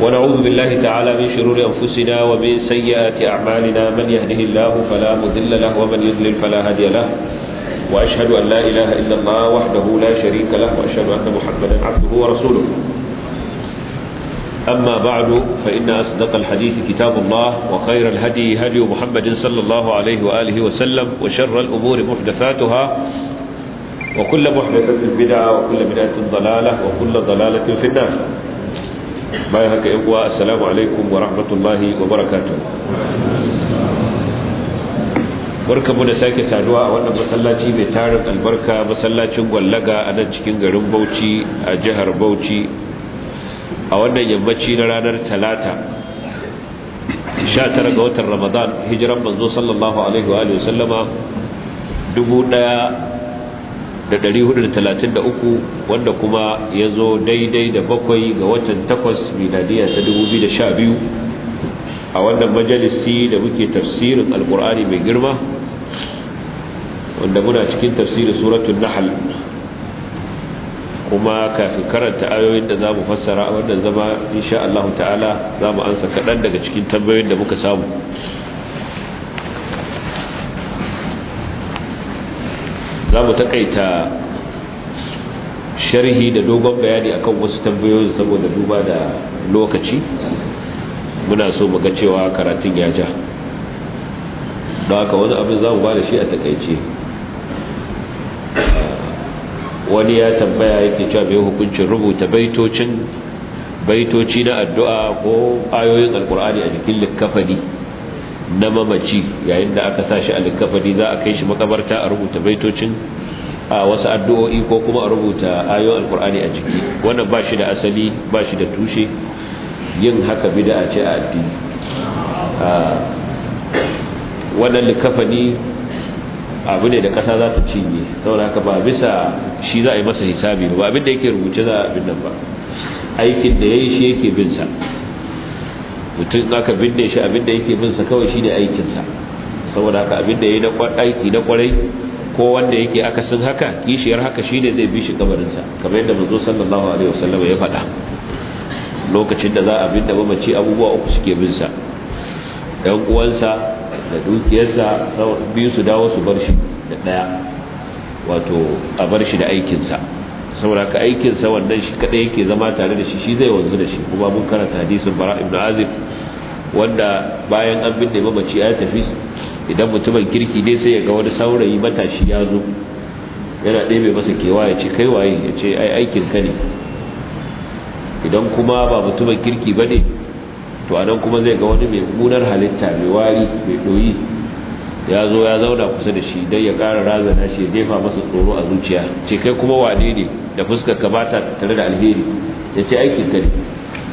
ونعوذ بالله تعالى من شرور أنفسنا ومن سيئات أعمالنا من يهده الله فلا مذل له ومن يذلل فلا هدي له وأشهد أن لا إله إلا الله وحده لا شريك له وأشهد أن محمدا عبده ورسوله أما بعد فإن أصدق الحديث كتاب الله وخير الهدي هدي محمد صلى الله عليه وآله وسلم وشر الأمور محدثاتها وكل محدثة بدعة وكل بدعة ضلالة وكل ضلالة في النار bayan haka ya kuwa assalamu alaikum wa rahmatullahi wa barakatuh barkamu da sake saduwa a wannan masallaci mai tarin albarka masallacin gwallaga a nan cikin garin Bauchi a jihar Bauchi a wannan yammaci na ranar talata 19 ga watan Ramadan hijiran manzo sallallahu alaihi wa sallama da 433 wanda kuma ya zo daidai da bakwai ga watan takwas miladiya ta 2012 a wannan majalisi da muke tafsirin alkur'ani mai girma wanda muna cikin tafsirin suratun nahal kuma kafin karanta ayoyin da za mu fassara wanda zama insha Allah ta'ala za mu ansa kaɗan daga cikin tambayoyin da muka samu za mu takaita sharhi da dogon bayani akan wasu tambayoyin saboda duba da lokaci muna so mu ga cewa karatun ya ja don haka wani abin za mu ba da shi a takaice wani ya tambaya yake cewa mai hukuncin rubuta baitocin baitoci na addu'a ko ayoyin alkur'ani a jikin likkafani na mamaci yayin da aka sa shi a likafani za a kai shi makabarta a rubuta baitocin a wasu addu'o'i ko kuma a rubuta ayoyin alkur'ani a jiki wannan ba shi da asali ba shi da tushe yin haka bida ce a addini wannan likafani abu ne da ƙasa za ta cinye saboda haka ba bisa shi za a yi masa hisabi ba abin da yake rubuce za a abin nan ba aikin da ya yi shi yake bin sa mutum aka binne shi abinda yake bin sa kawai shine aikinsa saboda haka abinda ya yi na kwarai ko wanda yake akasin haka kishiyar haka shi ne zai bi shi kabarin kamar yadda mazo sallallahu alaihi wasallam ya faɗa lokacin da za a binne mamaci abubuwa uku suke bin sa ɗan uwansa da dukiyarsa biyu su dawo su bar shi da ɗaya wato a bar shi da aikinsa saboda ka aikin sa wannan shi kadai yake zama tare da shi shi zai wanzu da shi kuma mun karanta hadisin bara ibn azib wanda bayan an binne mamaci ya tafi idan mutumin kirki dai sai ya ga wani saurayi matashi ya zo yana ɗebe masa kewa ya ce kai waye ya ce ai aikin ka ne idan kuma ba mutumin kirki bane to a kuma zai ga wani mai munar halitta mai wari mai ɗoyi ya zo ya zauna kusa da shi don ya ƙara razana shi ya jefa masa tsoro a zuciya ce kai kuma wane ne da fuskar ka bata tare da alheri ya ce aikin ka ne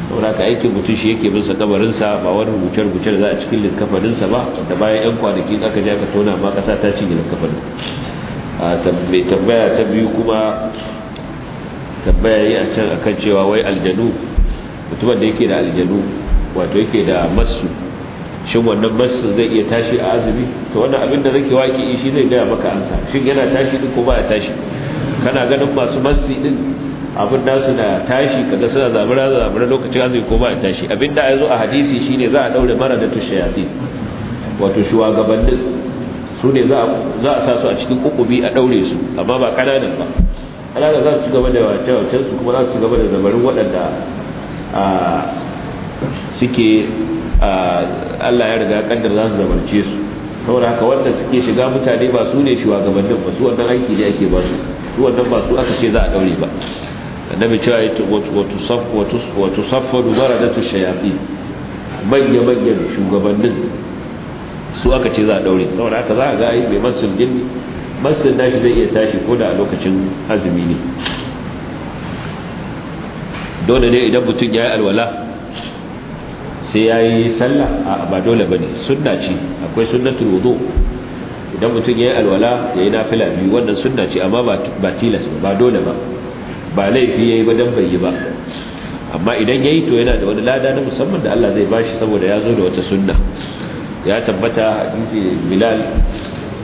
saboda ka aikin mutum shi yake bin sa kabarinsa ba wani rubuce-rubuce da za a cikin linkafaninsa ba da bayan yan kwanaki aka je aka tona ma kasa ta cinye linkafanin a tabbai tambaya ta biyu kuma tabbaya yi a can akan cewa wai aljanu mutumin da yake da aljanu wato yake da masu shin wannan masu zai iya tashi a azumi to wannan abin da zake waki shi zai gaya maka ansa shin yana tashi din ko ba ya tashi kana ganin masu masu din abin da su na tashi kaga suna zabura zabura lokacin azumi ko ba ya tashi abin da ya zo a hadisi shine za a daure mara da tushayati wato shugabannin su ne za a sa su a cikin kukubi a daure su amma ba kananan ba kananan za su ci gaba da wace-wacen su kuma za su ci gaba da zabarin waɗanda ah, suke Allah ya riga kaddar za su zabarce su saboda haka wanda suke shiga mutane ba su ne shugabannin ba su wannan aiki ne ake ba su su wannan ba su aka ce za a daure ba annabi cewa ya ce wa tusaffadu baradatu shayafi manya manyan shugabannin su aka ce za a daure saboda haka za a ga mai masul gini masul nashi zai iya tashi ko da a lokacin azumi ne dole ne idan mutum ya yi alwala sai ya yi sallah a ba dole ba ne sunna ce akwai sunnatul wudu idan mutum ya yi alwala ya yi nafila biyu wannan sunna ce amma ba tilas ba dole ba ba laifi ya yi ba dan bai yi ba amma idan ya yi to yana da wani lada na musamman da Allah zai bashi saboda ya zo da wata sunna ya tabbata bilal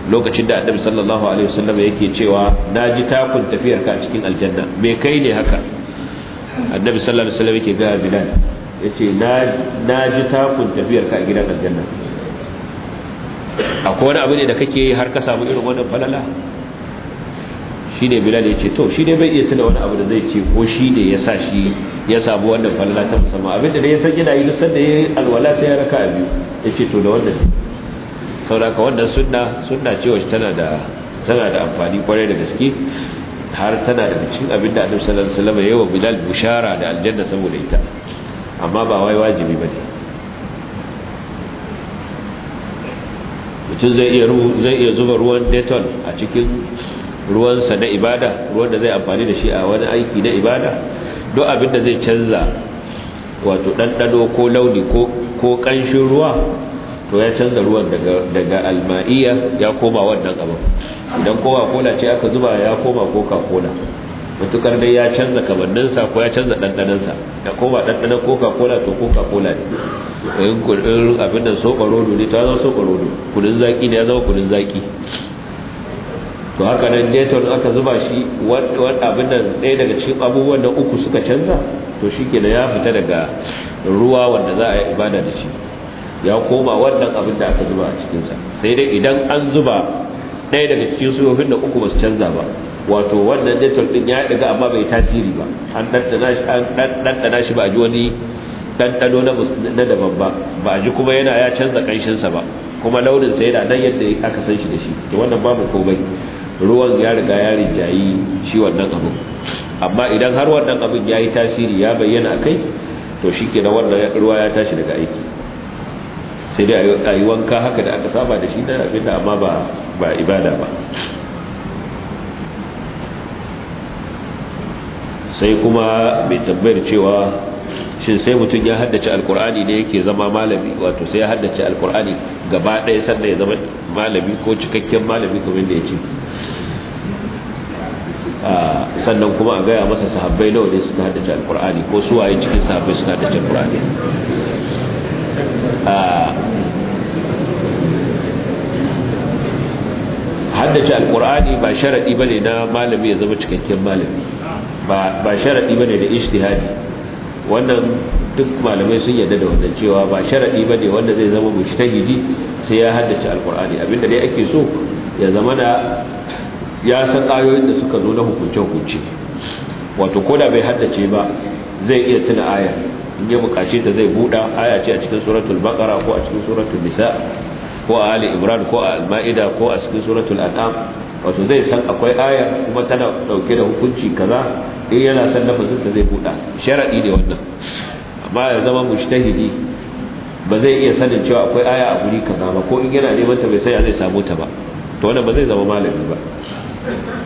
lokacin da annabi sallallahu alaihi wasallam yake cewa Na ji takun tafiyarka a cikin aljanna me kai ne haka annabi sallallahu alaihi wasallam yake ga bilal yace na ji takun tafiyar ka a gidan aljanna akwai wani abu ne da kake yi har ka samu irin wannan falala shi ne bilal ya ce to shi ne bai iya tuna wani abu da zai ce ko shi ne ya sa shi ya samu wannan falala ta musamman abin da ya san yana yi nisan da ya yi alwala sai ya raka a biyu ya ce to da wannan ka wannan sunna sunna cewa shi tana da tana da amfani kwarai da gaske har tana da cikin abin da annabi sallallahu alaihi wasallam ya yi wa bilal bushara da aljanna saboda ita amma ba wai wajibi ba ne mutum zai iya zuba ruwan deton a cikin ruwansa na ibada ruwan da zai amfani da shi a wani aiki na ibada don abin da zai canza wato ɗanɗano ko launi ko ƙanshin ruwa to ya canza ruwan daga alma'iya ya koma wannan abin idan kowa kola ce aka zuba ya koma coca-cola mutukar dai ya canza kamanninsa ko ya canza ɗanɗaninsa da koma ɗanɗanan coca cola to coca cola ne in kudin abin da soka rodo ne ta zama soka rodo kudin zaki ne ya zama kudin zaki to haka nan detol aka zuba shi wani abin da ɗaya daga cikin abubuwan da uku suka canza to shi kenan ya fita daga ruwa wanda za a yi ibada da shi ya koma wannan abin da aka zuba a cikinsa sai dai idan an zuba ɗaya daga cikin suyofin da uku ba su canza ba wato wannan network din ya daga amma bai tasiri ba an ɗanɗana shi ba a ji wani ɗanɗano na daban ba ba a ji kuma yana ya canza ƙanshinsa ba kuma launinsa yana nan yadda aka san shi da shi to wannan babu komai ruwan ya riga ya rinjayi shi wannan abin amma idan har wannan abin ya yi tasiri ya bayyana a kai to shi ke wannan ruwa ya tashi daga aiki sai dai a yi wanka haka da aka saba da shi na abin da amma ba ibada ba sai kuma mai tambayar cewa shin sai mutum ya haddace alkur'ani ne yake zama malami wato sai ya haddace alkur'ani gaba ɗaya sannan ya zama malami ko cikakken malami kamar da ya ce sannan kuma a gaya masa sahabbai nawa ne suka haddace alkur'ani ko su waye cikin sahabbai suka haddace alkur'ani Ah. haddace alkur'ani ba sharaɗi ba ne na malami ya zama cikakken malami ba sharaɗi ba ne da ijtihadi wannan duk malamai sun yarda da wannan cewa ba sharaɗi ba wanda zai zama mujtahidi sai ya haddace alkur'ani abinda dai ake so ya zama da ya san ayoyin da suka zo na hukunce-hukunce wato koda bai haddace ba zai iya tuna ayar in ya bukace ta zai buɗa aya ce a cikin suratul baqara ko a cikin suratul nisa ko a ali imran ko a al-maida ko a cikin suratul an'am wato zai san akwai aya kuma tana dauke da hukunci kaza in yana san lafazin ta zai buɗa sharadi ne wannan amma ya zama mujtahidi ba zai iya sanin cewa akwai aya a guri kaza ba ko in yana neman ta bai san ya zai samu ta ba to wannan ba zai zama malami ba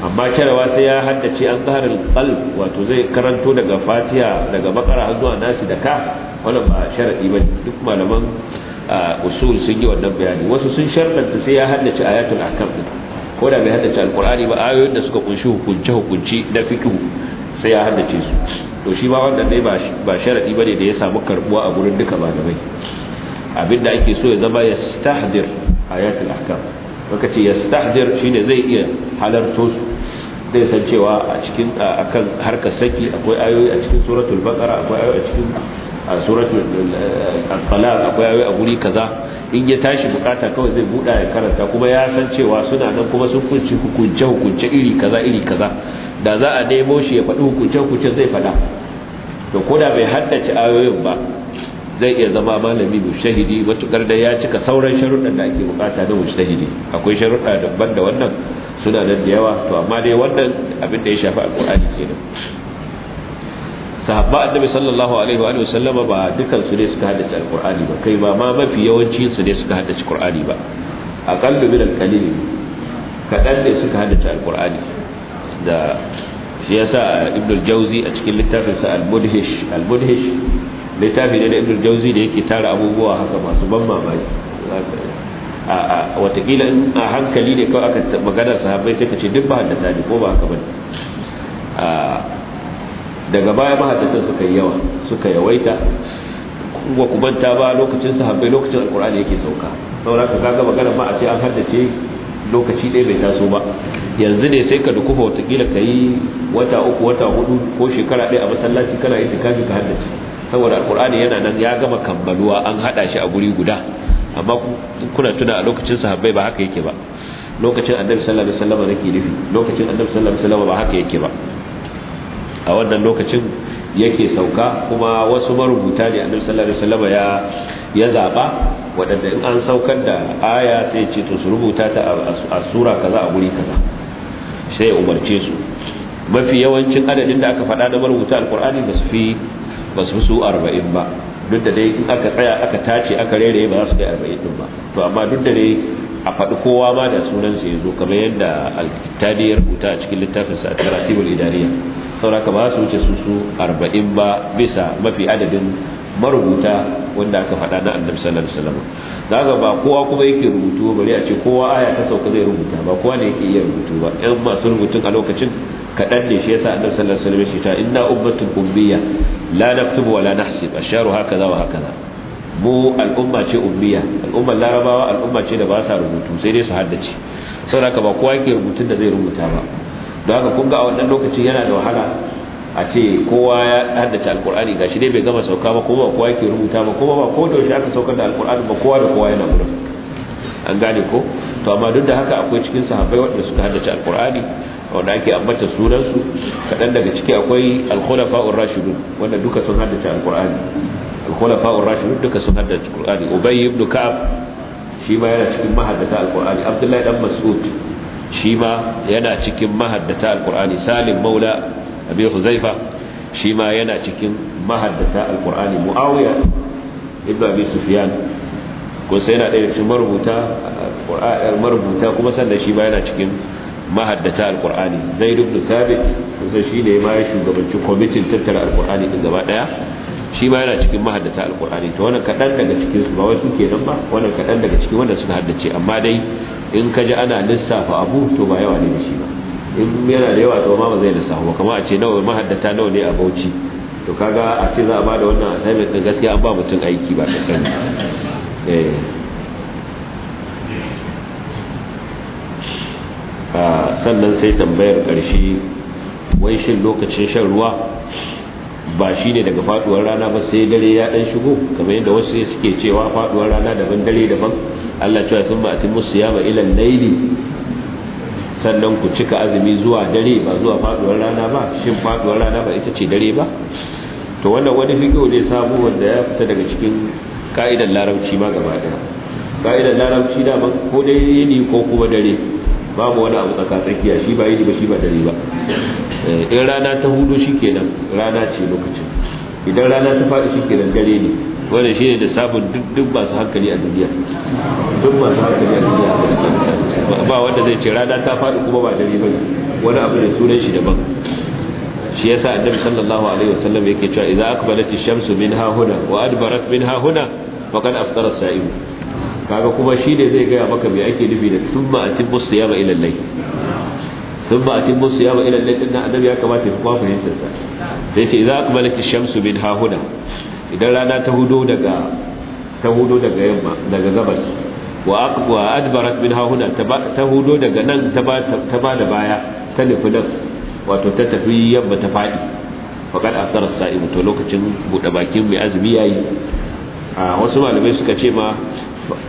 amma sharawa sai ya haddace an zaharin qalb wato zai karanto daga fasiya daga bakara har zuwa nasi da ka wannan ba sharadi ba duk malaman usul sun yi wannan bayani wasu sun sharɗanta sai ya haddace ayatul akam ɗin ko da bai haddace alƙur'ani ba ayoyin da suka kunshi hukunce hukunci da fiqh sai ya haddace su to shi ba wannan dai ba sharadi ne da ya samu karbuwa a gurin duka malamai abinda ake so ya zama ya stahdir ayatul akam. muka ce yastahdir shine zai iya halarto su zai san cewa a cikin akan harka saki akwai ayoyi a cikin suratul baqara akwai ayoyi a cikin suratul eh, al-talaq akwai ayoyi a guri kaza in ya tashi bukata kawai zai buda ya karanta kuma ya san cewa suna nan kuma sun kunci hukunce hukunce iri kaza iri kaza da za a nemo shi ya faɗi hukunce hukunce zai faɗa to koda bai haddace ayoyin ba zai iya zama malami mujtahidi matukar da ya cika sauran sharuɗan da ake bukata na mujtahidi akwai sharuɗa daban da wannan suna nan da yawa to amma dai wannan abin da ya shafi alqur'ani kenan sahabba annabi sallallahu alaihi wa sallama ba dukan su ne suka haddace alqur'ani ba kai ba ma mafi yawanci su ne suka haddace qur'ani ba aqallu min alqalil kadan ne suka haddace alqur'ani da shi yasa ibnu al-jawzi a cikin littafinsa al-mudhish al-mudhish littafi ne na ibn jauzi da yake tara abubuwa haka masu ban mamaki a watakila in a hankali ne kawai aka magana sahabbai sai ka ce duk ba haddata ne ko ba haka ba daga baya mahaddatan suka yawa suka yawaita kuma ku manta ba lokacin sahabbai lokacin alkur'ani yake sauka saboda ka kaga magana ba a ce an haddace lokaci ɗaya bai taso ba yanzu ne sai ka dukufa watakila ka yi wata uku wata hudu ko shekara ɗaya a masallaci kana yi tikafi ka haddace saboda alkur'ani yana nan ya gama kammaluwa an hada shi a guri guda amma kuna tuna a lokacin sahabbai ba haka yake ba lokacin annabi sallallahu alaihi wasallam nake nufi lokacin annabi sallallahu alaihi wasallam ba haka yake ba a wannan lokacin yake sauka kuma wasu marubuta ne annabi sallallahu alaihi wasallam ya ya zaba wadanda in an saukar da aya sai ce to su rubuta ta a sura kaza a guri kaza sai ya umarce su mafi yawancin adadin da aka faɗa na marubuta alkur'ani da su fi ba su su arba'in ba duk da dai in aka tsaya aka tace aka rere ba za su kai arba'in din ba to amma duk da dai a faɗi kowa ma da sunansa ya zo kamar yadda alkitani ya rubuta a cikin littafin a taratibul idariya sauraka ba su wuce su su arba'in ba bisa mafi adadin marubuta wanda aka faɗa na annabi sallallahu alaihi wasallam daga ba kowa kuma yake rubutu bari a ce kowa aya ta sauka zai rubuta ba kowa ne yake iya rubutu ba ɗan masu rubutun a lokacin kaɗan ne shi yasa annabi sallallahu alaihi wasallam ya ce inna ummatin ummiya la naktubu wa la nahsib asharu hakaza wa za mu al'umma ce ummiya al'ummar larabawa al'umma ce da ba sa rubutu sai dai su haddace saboda haka ba kowa yake rubutun da zai rubuta ba don haka kun ga a wannan lokacin yana da wahala a ce kowa ya haddace alkur'ani gashi dai bai gama sauka ba kuma kowa yake rubuta ba kuma ba ko da yaushe aka saukar da alkur'ani ba kowa da kowa yana gurin an gane ko to amma duk da haka akwai cikin sahabbai waɗanda suka haddace alqur'ani wanda ake ambata sunansu kadan daga ciki akwai alkhulafa'ur rashidun wanda duka sun haddace alqur'ani alkhulafa'ur rashidun duka sun haddace alqur'ani ubay ibn ka'ab shi ma yana cikin mahaddata alqur'ani abdullahi dan mas'ud shi ma yana cikin mahaddata alqur'ani salim maula abi huzaifa shi ma yana cikin mahaddata alqur'ani muawiya ibn abi sufyan sai yana daya cikin marubuta marubuta kuma sannan shi ba yana cikin mahaddata alkur'ani zai duk da ko kusa shi ne ma ya shugabanci kwamitin tattara alkur'ani din gaba ɗaya shi ma yana cikin mahaddata alkur'ani to wannan kaɗan daga cikin su ba wai su nan ba wannan kaɗan daga cikin wanda suka haddace amma dai in ka ji ana lissafa abu to ba yawa ne da shi ba in yana da yawa to ma ba zai lissafa ba kamar a ce nawa mahaddata nawa ne a bauchi to kaga a ce za a ba da wannan assignment din gaskiya an ba mutum aiki ba ta Eh. Ah, sannan sai tambayar ƙarshe wai shi lokacin shan ruwa ba shi ne daga faduwar rana ba sai dare ya ɗan shigo kamar yadda wasu suke cewa faduwar rana daban dare daban allah cewa sun ba musu yama ilan naili sannan ku cika azumi zuwa dare ba zuwa faduwar rana ba shin faduwar rana ba ita ce dare ba to wannan wani fiƙo ne sabuwar da ya fita daga cikin ka'idar larabci ma gaba daya ka'idar larabci da man ko dai yini ko kuma dare babu wani abu tsaka tsakiya shi ba yini ba shi ba dare ba eh, in rana ta hudu kenan rana ce lokacin idan rana ta faɗi kenan dare ne wanda shi ne da sabon duk masu hankali a duniya duk masu hankali a duniya ba wanda zai ce rana ta faɗi kuma ba dare ba wani abu ne sunan shi daban shi yasa annabi sallallahu alaihi wasallam yake cewa idza aqbalat ash-shamsu minha huna wa adbarat minha huna faqad aftara sa'im kaga kuma shi ne zai gaya maka me ake nufi da thumma atimmu siyama ila al-layl thumma atimmu siyama ila al-layl din annabi ya kamata ya kuma fahimtar sa sai ce idza aqbalat ash-shamsu min hahuna idan rana ta hudo daga ta hudo daga yamma daga gabas wa aqwa adbarat min hahuna ta hudo daga nan ta ba ta ba da baya ta nufi nan wato ta tafi yamma ta fadi faqad aftara as-sa'im to lokacin bude bakin mai azumi yayi a wasu malamai suka ce ma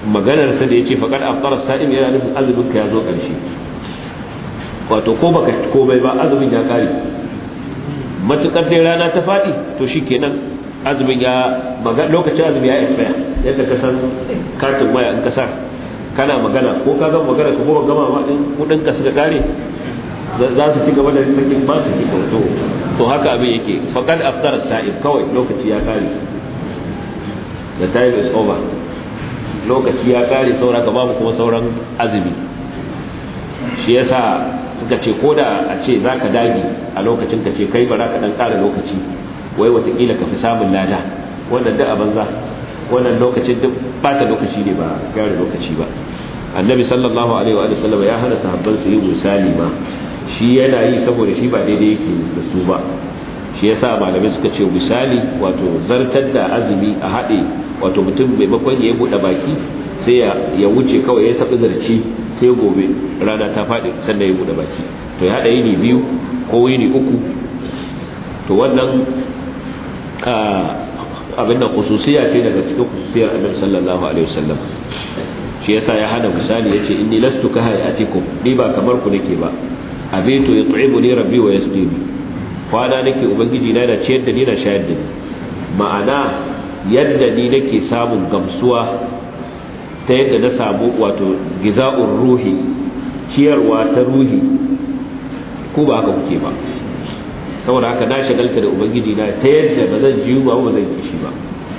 maganar sa da yace faqad aftara sa'im yana nufin azumin ka ya zo karshe wato ko baka komai ba azumin ya kare matukar dai rana ta fadi to shikenan azumin ya lokacin azumin ya expire yadda ka san katin waya in ka sa kana magana ko ka gama magana ko ba gama ma din kudin ka suka kare za su ci gaba da sakin ba su ci to haka abin yake faqad aftara sa'im kawai lokaci ya kare the time is over lokaci ya kare saura ka babu kuma sauran azumi shi yasa suka ce ko da a ce za ka dage a lokacin ka ce kai ba za ka dan kara lokaci wai watakila ka fi samun lada wannan duk a banza wannan lokacin duk bata lokaci ne ba kare lokaci ba annabi sallallahu alaihi wa sallam ya hana sahabban su yi misali ma shi yana yi saboda shi ba daidai yake da su ba shi yasa malamai suka ce misali wato zartar da azumi a haɗe wato mutum maimakon ya buɗe baki sai ya wuce kawai ya saɓi zarci sai gobe rana ta faɗi sannan ya buɗe baki to ya haɗa yini biyu ko yini uku to wannan abin da kususiya ce daga cikin kususiyar annabi sallallahu alaihi wasallam shi yasa ya hana misali yace inni lastu ka hayatikum ni ba kamar ku nake ba abitu yut'imuni rabbi wa yasqini kwana nake ubangiji na da ciyar da ni na shayar da ni ma'ana yadda ni nake samun gamsuwa ta yadda na samu wato giza'un ruhi ciyarwa ta ruhi ko ba haka kuke ba saboda haka na shagalta da ubangiji na ta yadda ba zan jiyu ba ba zan kishi ba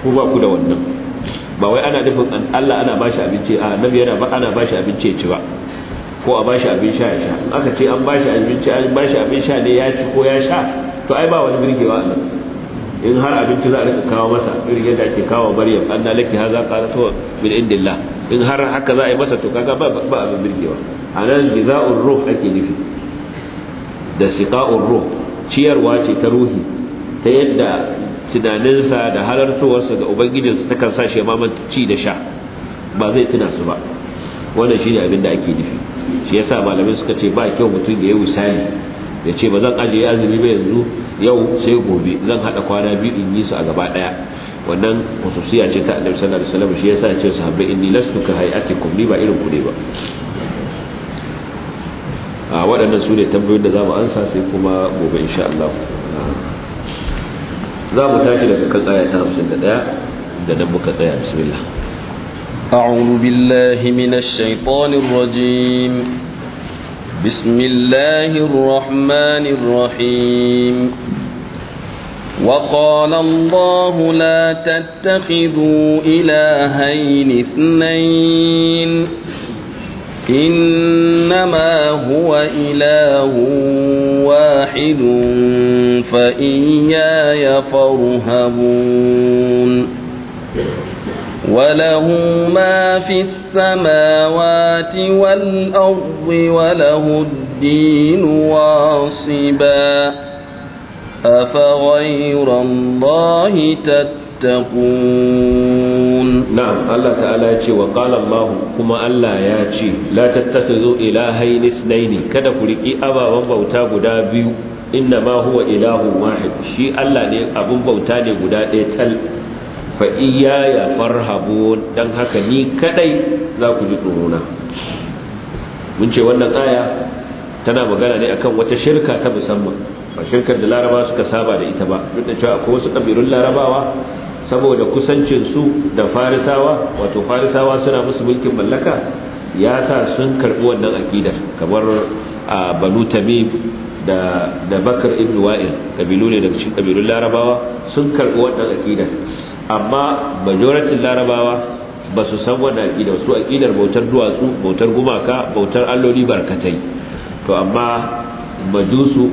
ko ba ku da wannan ba wai ana nufin Allah ana bashi abinci a nabi yana ba ana bashi abinci ya ci ba ko a bashi abin sha ya sha aka ce an bashi abinci an bashi abin sha ne ya ci ko ya sha to ai ba wani birgewa a nan in har abinci za a rika kawo masa irin yadda ake kawo maryam anna laki haza qala to min indillah in har haka za a yi masa to kaga ba abin birgewa anan jiza'ur ruh ake nufi da siqa'ur ruh ciyarwa ce ta ruhi ta yadda tunaninsa da halartowarsa ga ubangijinsa kan sa shi ma ci da sha ba zai tuna su ba wannan shine abin da ake nufi shi yasa malamai suka ce ba kyau mutum ya yi misali ya ce ba zan ajiye azumi ba yanzu yau sai gobe zan hada kwana biyu in yi su a gaba daya wannan khususiya ce ta annabi sallallahu alaihi wasallam shi yasa ya ce sahabbai inni lastu ka hayatikum ni ba irin ku ne ba a waɗannan su ne tambayoyin da zamu ansa sai kuma gobe insha Allah za mu tashi daga kan aya ta 51 da nan muka tsaya bismillah أعوذ بالله من الشيطان الرجيم بسم الله الرحمن الرحيم وقال الله لا تتخذوا إلهين اثنين إنما هو إله واحد فإياي فارهبون وله ما في السماوات والأرض وله الدين واصبا أفغير الله تتقون نعم الله تعالى يأتي وقال الله كما الله يأتي لا تتخذوا إلهين اثنين كذا كلكي أبا ومبوتا قدابيو إنما هو إله واحد شيء الله أبو مبوتا إيه تل fa ya farhabun dan haka ni kadai za ku ji tsoruna mun ce wannan aya tana magana ne akan wata shirka ta musamman ba shirkar da laraba suka saba da ita ba duk da cewa akwai wasu kabilun larabawa saboda kusancin su da farisawa wato farisawa suna musu mulkin mallaka ya sa sun karbi wannan akidar kamar a banu tamim da da bakar ibn wa'il kabilu ne daga cikin larabawa sun karɓi wannan akidar amma majoratin larabawa ba su san wani aƙida su aƙidar bautar duwatsu bautar gumaka bautar alloli barkatai to amma majusu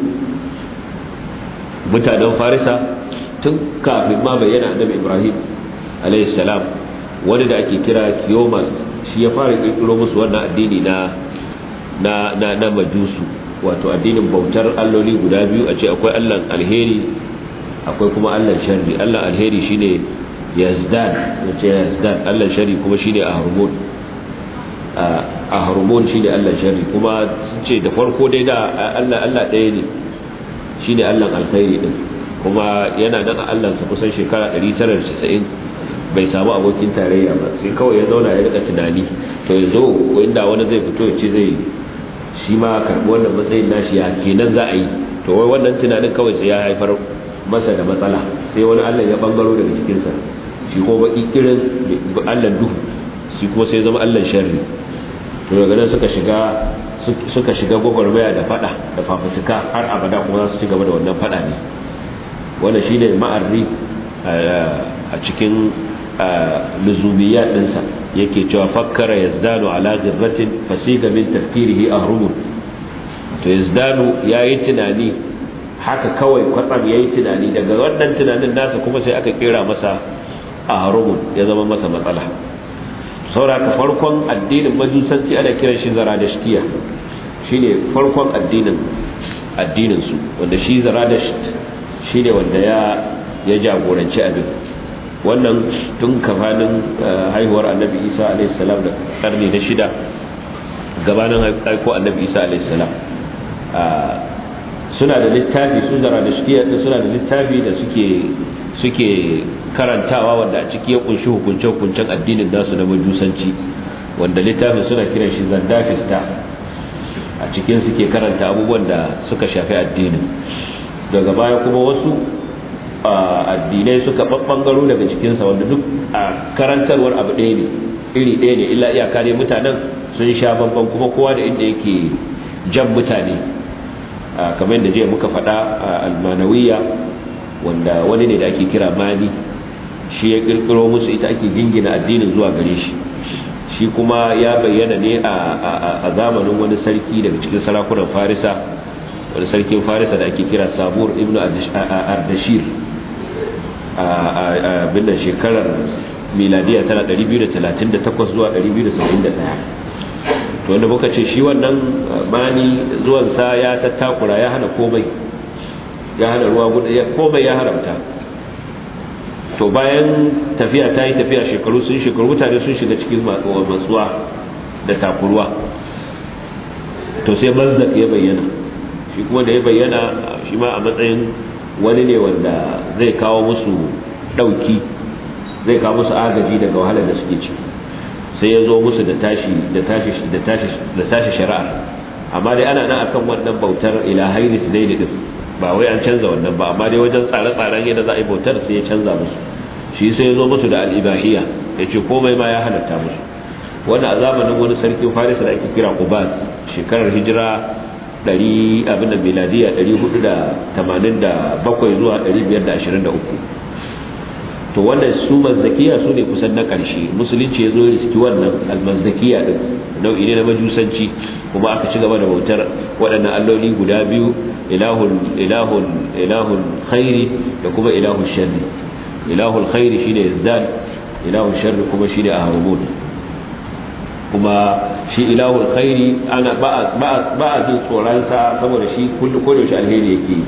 mutanen farisa tun kafin ma bayyana annabi ibrahim alayhi wani da ake kira kiyomar shi ya fara ƙirƙiro musu wannan addini na na na na majusu wato addinin bautar alloli guda biyu a ce akwai allan alheri akwai kuma allan sharri allan alheri shine yazdan wace yazdan allah shari kuma shi ne a harbon a harbon shi ne allah shari kuma sun ce da farko dai da allah ɗaya ne shi ne allah alkhairi ɗin kuma yana nan a allansa kusan shekara 990 bai samu abokin tarayya ba sai kawai ya zauna ya rika tunani to yanzu inda wani zai fito ya ce zai shi ma karɓi wannan matsayin nashi ya kenan za a yi to wai wannan tunanin kawai sai ya haifar masa da matsala sai wani allah ya bangaro daga cikinsa shi ko baki kirin allan duhu shi ko sai zama allan sharri to daga nan suka shiga suka shiga gwagwarmaya da fada da fafutuka har abada kuma za su ci gaba da wannan fada ne wanda shine ne ma'arri eh, a cikin eh, luzumiya ɗinsa yake cewa fakkara ya zdano ala zirratin fasiga min tafkirihi a rumun to ya zdano ya yi tunani haka kawai kwatsam ya yi tunani daga wannan tunanin nasa kuma sai aka kera masa arubun ya zama masa matsala sauraka farkon addinin majusanci ana kiran shi zaradashtiya shine farkon addinin addinin su wanda shi zaradasht shine wanda ya ya jagoranci abin wannan tun kafanin eh, haihuwar annabi isa a.s. da karni na shida gabanin aiko annabi isa a.s. Ah, suna da littafi su zaradashtiya da suna da littafi da suke suke karantawa wanda a ciki ya kunshi hukunce-hukuncen addinin nasu na majusanci wanda littafin suna kiran shi zandafista a cikin suke karanta abubuwan da suka shafi addinin daga baya kuma wasu addinai suka ɓangaro daga cikinsa wanda duk a karantarwar abu ɗaya ne iri ɗaya ne illa iyaka ne mutanen sun sha bambam kuma kowa da inda yake jan mutane kamar yadda jiya muka faɗa almanawiya wanda wani ne da ake kira mali shi ya kirkiro musu ita ake gingina addinin zuwa gare shi shi kuma ya bayyana ne a zamanin wani sarki daga cikin sarakunan farisa wani sarkin farisa da ake kira sabur ibn ardashir a binnan shekarar miladiya tana 238 zuwa 271 to wanda muka ce shi wannan mani zuwansa ya tattakura ya hana komai ya hada ruwa komai ya haramta to bayan tafiya ta yi tafiya shekaru sun shekaru mutane sun shiga cikin matsuwa da takuruwa to sai marzak ya bayyana shi kuma da ya bayyana shi ma a matsayin wani ne wanda zai kawo musu ɗauki zai kawo musu agaji daga wahalar da suke ciki sai ya zo musu da tashi da shari'a amma dai ana nan akan wannan bautar ne su ne da ba wai an canza wannan ba amma dai wajen tsare-tsaren yadda za a yi bautar sai ya canza musu shi sai ya zo musu da al'ibahiyya ya ce komai ma ya halatta musu wanda a zamanin wani sarkin faris da ake kira kubas shekarar hijira ɗari abin da miladiya hudu da tamanin da bakwai zuwa dari biyar da ashirin da uku to wannan su mazdakiya su ne kusan na ƙarshe musulunci ya zo riski wannan almazdakiya din nau'i ne na majusanci kuma aka ci gaba da bautar waɗannan alloli guda biyu ilahun ilahun ilahun khairi da kuma ilahun sharri ilahul khairi shine yazdan ilahun sharri kuma shine ahrumun kuma shi ilahun khairi ana ba ba ba jin tsoron sa saboda shi kullu kullu shi alheri yake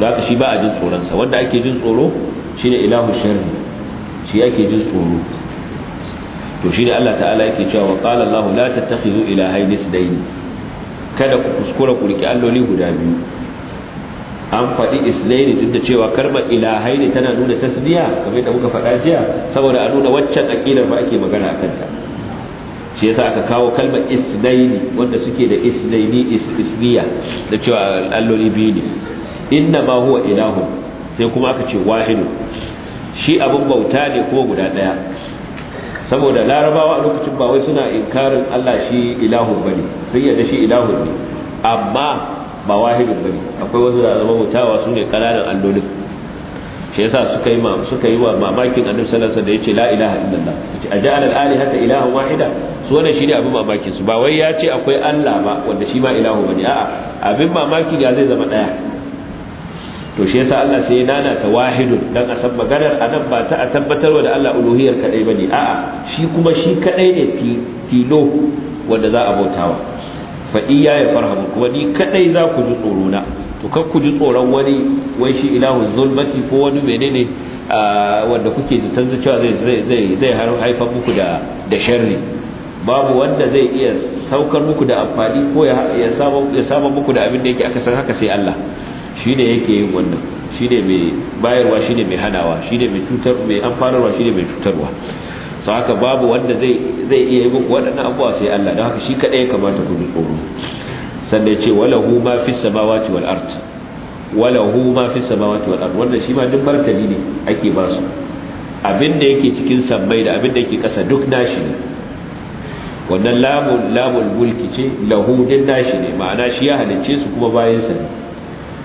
zaka shi ba a jin tsoron sa wanda ake jin tsoro shine ilahun sharri shi yake jin tsoro to shi ne Allah ta'ala yake cewa wa qala Allah la tattakhidhu ilahayn kada ku kuskura ku riki alloli guda biyu an faɗi isdayn duk da cewa karmar ilahayn tana nuna tasdiya kamar da muka faɗa jiya saboda a nuna waccan aqidar ba ake magana a kanta. shi yasa aka kawo kalmar isnaini wanda suke da isnaini isniya da cewa alloli biyu ne inna ma huwa ilahu sai kuma aka ce wahidu shi abin bauta ne ko guda ɗaya saboda larabawa a lokacin ba wai suna inkarin Allah shi ilahun bane sun yadda shi ilahun ne amma ba wahidun bane akwai wasu da zama mutawa su ne kananan allolin shi yasa suka yi suka yi wa mamakin annabi sallallahu alaihi wasallam da yace la ilaha illallah yace ajal al-alihata ilahan wahida su wannan shine abin mamakin su ba wai ya ce akwai Allah ba wanda shi ma ilahu bane a'a abin mamaki ya zai zama daya to shi yasa Allah sai nana ta wahidun dan a san maganar anan ba ta a tabbatarwa da Allah uluhiyar kadai bane a'a shi kuma shi kadai ne tilo wanda za a bautawa fa iya ya farhamu kuma ni kadai za ku ji tsoro na to kar ku ji tsoron wani wai shi ilahu zulmati ko wani menene wanda kuke zitan cewa zai zai zai haifar muku da da sharri babu wanda zai iya saukar muku da amfani ko ya ya muku da abin da yake aka san haka sai Allah Shi ne yake yin wannan ne mai bayarwa ne mai hanawa shi mai mai amfanarwa shi ne mai cutarwa su haka babu wanda zai iya yi muku waɗannan abuwa sai Allah don haka shi kaɗai ya kamata ku tsoro sannan ce ce walahu ma fi samawati wal wala walahu ma fi samawati wal art, wannan shi ma duk martani ne ake ba su abin da yake cikin sammai da abin da yake ƙasa duk nashi ne wannan lamun lamun mulki ce lahu din nashi ne ma'ana shi ya halicce su kuma bayan sa ne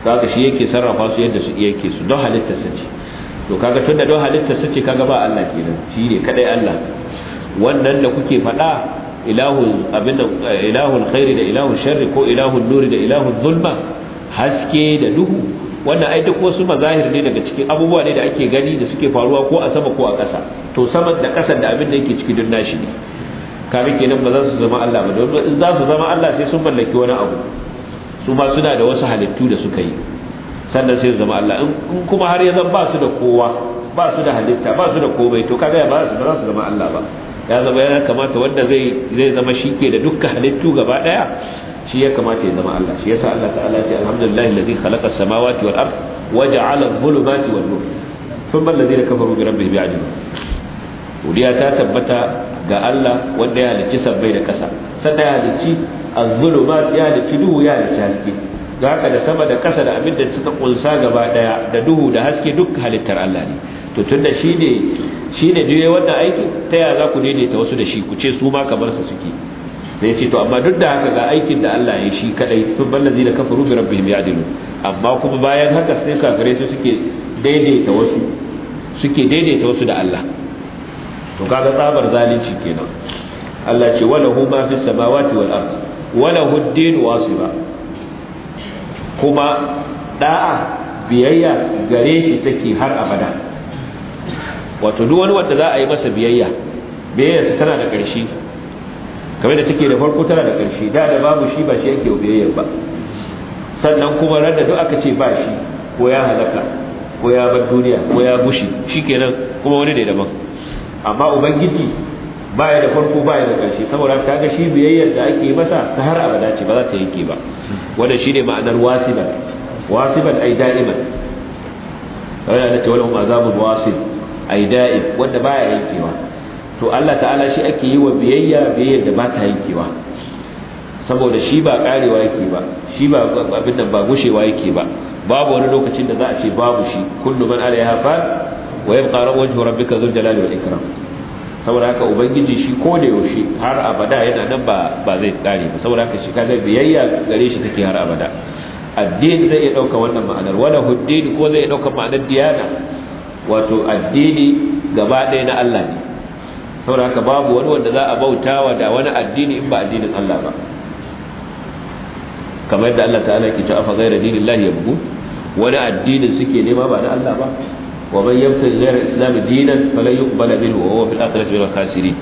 kaga shi yake sarrafa su yadda su yake su don halitta sace to kaga tunda don halitta sace kaga ba Allah kenan shi ne kadai Allah wannan da kuke faɗa ilahun abinda khairi da ilahun sharri ko ilahun nuri da ilahun zulma haske da duhu wannan ai duk wasu mazahir ne daga cikin abubuwa ne da ake gani da suke faruwa ko a sama ko a ƙasa to sama da ƙasan da abin da yake ciki duk nashi ne kabe kenan ba za su zama Allah ba don in za su zama Allah sai sun mallaki wani abu su ma suna da wasu halittu da suka yi sannan sai zama Allah in kuma har ya zan ba su da kowa ba su da halitta ba su da komai to kaga ba su ba su zama Allah ba ya zama ya kamata wanda zai zai zama shike da dukkan halittu gaba daya shi ya kamata ya zama Allah shi yasa Allah ta'ala ya ce alhamdulillahi alladhi khalaqa as-samawati wal ard wa ja'ala adh-dhulumati wan nur thumma alladhina kafaru bi rabbihim ya'dilun godiya ta tabbata ga Allah wanda ya halicci sabbai da kasa sannan ya halicci az ya da duhu ya da haske ga haka da sama da kasa da abin da suka kunsa gaba daya da duhu da haske duk halittar Allah ne to tunda shine shine duk wannan aiki ta ya za ku daidaita wasu da shi ku ce su ma kamar su suke sai ce to amma duk da haka ga aikin da Allah ya shi kadai sun ballazi da kafaru bi rabbihim ya'dilu amma kuma bayan haka sai kafirai su suke daidaita wasu suke daidaita wasu da Allah to kaga tsabar zalunci kenan Allah ce walahu ma fis samawati wal ardh wala huddin wasiba kuma da'a biyayya gare shi take har abada wato duk wani wanda za a yi masa biyayya biyayya tana da ƙarshe kamar da take da farko tana da ƙarshe da da babu shi ba shi yake biyayya ba sannan kuma ran da duk aka ce ba shi ko ya halaka ko ya bar duniya ko ya bushe shikenan kuma wani ne daban amma ubangiji baya da farko baya da ƙarshe saboda ta ga shi biyayyar da ake masa ta har abada ce ba za ta yanke ba wannan shine ma'anar wasiban wasiban ai da'iman sai Allah ta wala azabul wasib ai da'im wanda baya yankewa to Allah ta'ala shi ake yi wa biyayya biyayyar da ba ta yankewa saboda shi ba karewa yake ba shi ba abin nan ba gushewa yake ba babu wani lokacin da za a ce babu shi kullu man alaiha fa wa yabqa wajhu rabbika dhul jalali wal ikram saboda haka ubangiji shi ko da yaushe har abada yana nan ba ba zai tsare ba saboda haka shi kaga biyayya gare shi take har abada addini zai iya dauka wannan ma'anar wala huddini ko zai iya dauka ma'anar diyana wato addini gaba ɗaya na Allah ne saboda haka babu wani wanda za a bautawa da wani addini in ba addinin Allah ba kamar yadda Allah ta'ala ke cewa fa ghayra dinillahi yabghun wani addinin suke nema ba na Allah ba ومن يبتغي غير الإسلام دينا فلن يقبل منه وهو في الآخرة من الخاسرين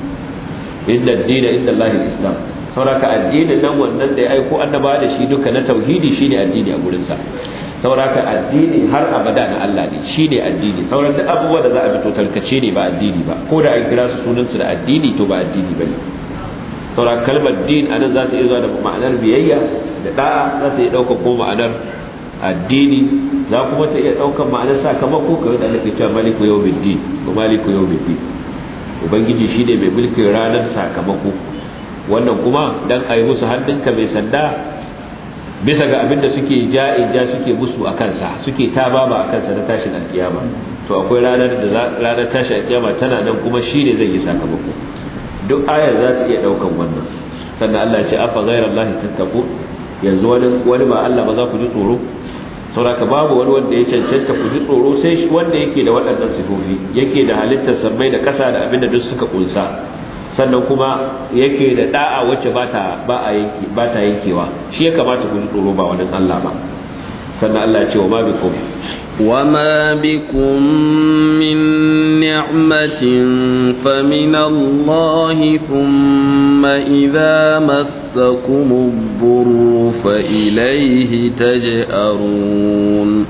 إن الدين عند الله الإسلام sauraka addinin nan wannan da ya aiko annaba da shi duka na tauhidi shine addini a gurinsa sauraka addini har abada na Allah ne shine addini sauran da abubuwa da za a fito tarkace ne ba addini ba ko da an kira su sunan su da addini to ba addini bane sauraka kalmar din anan za ta iya zuwa da ma'anar biyayya da da'a za ta iya dauka ko ma'anar addini za kuma ta iya ɗaukar ma'anar sakamako yi da ake cewa maliku yau biddi ko maliku yau biddi ubangiji shi ne mai mulkin ranar sakamako wannan kuma dan a yi musu hannunka mai sanda bisa ga abin da suke ja suke musu a kansa suke ta ba a kansa na tashin alkiyama to akwai ranar da ranar tashin alkiyama tana nan kuma shi ne zai yi sakamako duk aya za ta iya ɗaukan wannan sannan Allah ya ce afa ghayra Allah tattaqu yanzu wani ba Allah ba za ku ji tsoro sauraka babu wani wanda ya cancanta ku ji tsoro sai shi wanda yake da waɗannan sifofi yake da halittar sammai da ƙasa da abin da duk suka kunsa sannan kuma yake da da'a wacce ba ta ba ta yankewa shi ya kamata ku ji tsoro ba wani Allah ba sannan Allah ya ce wa ma bikum وما بكم من نعمة فمن الله ثم إذا مسكم الضر فإليه تجأرون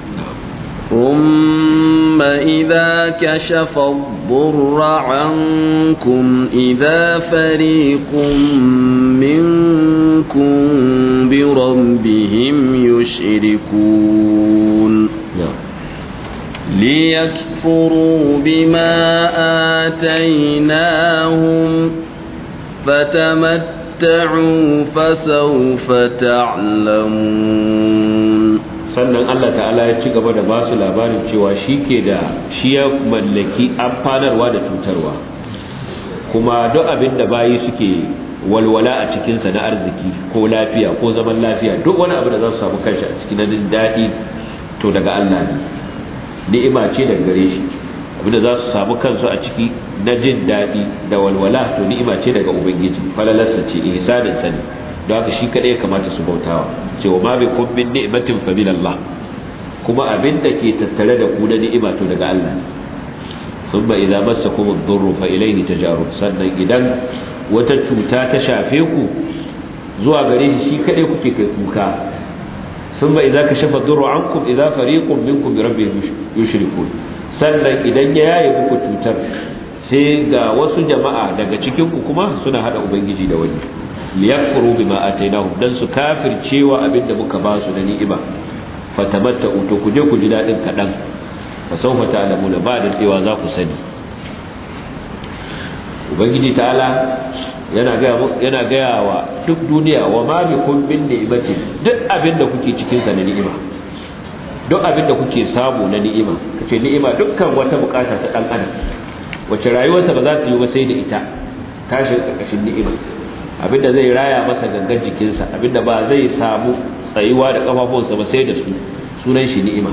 ثم إذا كشف الضر عنكم إذا فريق منكم بربهم يشركون نعم. ليكفروا بما آتيناهم فتمتعوا فسوف تعلمون sannan Allah ta'ala ya ci gaba da ba su labarin cewa shi ke da shi ya mallaki amfanarwa da cutarwa kuma duk abin da bayi suke walwala a cikinsa na arziki ko lafiya ko zaman lafiya duk wani abu da za su samu kanshi a cikin na daɗi to daga Allah ne ni'ima ce daga gare shi abinda za su samu kansu a ciki na jin daɗi da walwala to ni'ima ce daga ubangiji falalarsa ce ihsanin sa don haka shi kaɗai ya kamata su bautawa cewa ma bi kun ni'matin fa min Allah kuma abin da ke tattare da ku na ni'ima to daga Allah thumma idza massakum ad-durru fa ilayhi tajarun sannan idan wata cuta ta shafe ku zuwa gare shi shi kaɗai kuke kai kuka thumma idza kashafa dhurru ankum idza fariqun minkum bi rabbihim sannan idan ya yaye muku cutar sai ga wasu jama'a daga cikin ku kuma suna hada ubangiji da wani liyakfuru bima atainahum dan su kafircewa abinda muka ba su da ni'ima fatamatta to kuje ku ji dadin kadan fa sawfa ta'lamuna ba da tsewa za ku sani ubangiji ta'ala yana gaya yana wa duk duniya wa ma bikum min ni'mati duk abin da kuke cikin sa na ni'ima duk abin da kuke samu na ni'ima kace ni'ima dukkan wata bukata ta dan adam wace rayuwarsa ba za ta yi ba sai da ita tashin karkashin ni'ima abinda zai raya masa gangan jikinsa abinda ba zai samu tsayuwa da sa ba sai da su sunan shi ni'ima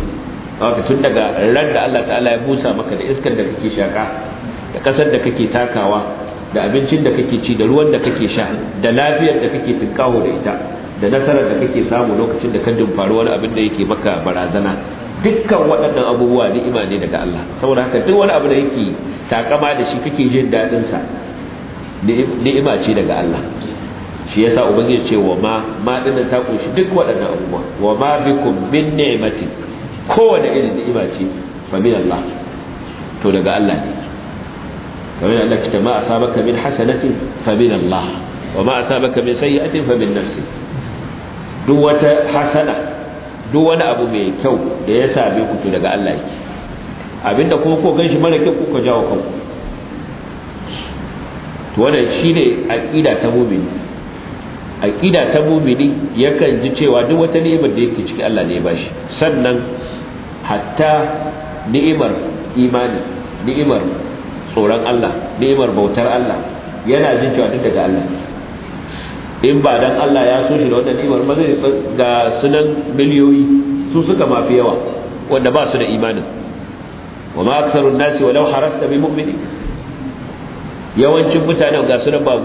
haka tun daga ran da Allah ta'ala ya busa maka da iskar da kake shaka da kasar da kake takawa da abincin da kake ci da ruwan da kake sha da lafiyar da kake tunkawo da ita da nasarar da kake samu lokacin da ka dumfari wani abin da yake maka barazana dukkan waɗannan abubuwa ni'ima ne daga Allah saboda haka duk wani abu da yake takama da shi kake jin dadin sa ni'ima ce daga Allah shi yasa ubangiji ce wa ma ma dinnan ta kunshi duk waɗannan abubuwa wa ma bikum min ni'matin kowane irin ni'ima ce fa min Allah to daga Allah ne kamar Allah ce ma asabaka min hasanatin fa min Allah wa ma a asabaka min sayyi'atin fa min nafsi duk wata hasana duk wani abu mai kyau da ya same ku to daga Allah yake abinda kuma ko shi mara kyau ku ka jawo kanku to wannan shine aqida ta mu'mini aqida ta mumini yakan ji cewa duk wata ni'imar da yake ciki Allah ne ya bashi sannan hatta ni'imar imani ni'imar tsoron Allah nemar bautar Allah yana jin cewa duk daga Allah in ba dan Allah ya so shi da wannan ni'imar ba zai ga sunan miliyoyi su suka mafi yawa wanda ba su da imanin wa ma aktharu an-nasi walau harasta bi mu'mini yawancin mutane ga sunan ba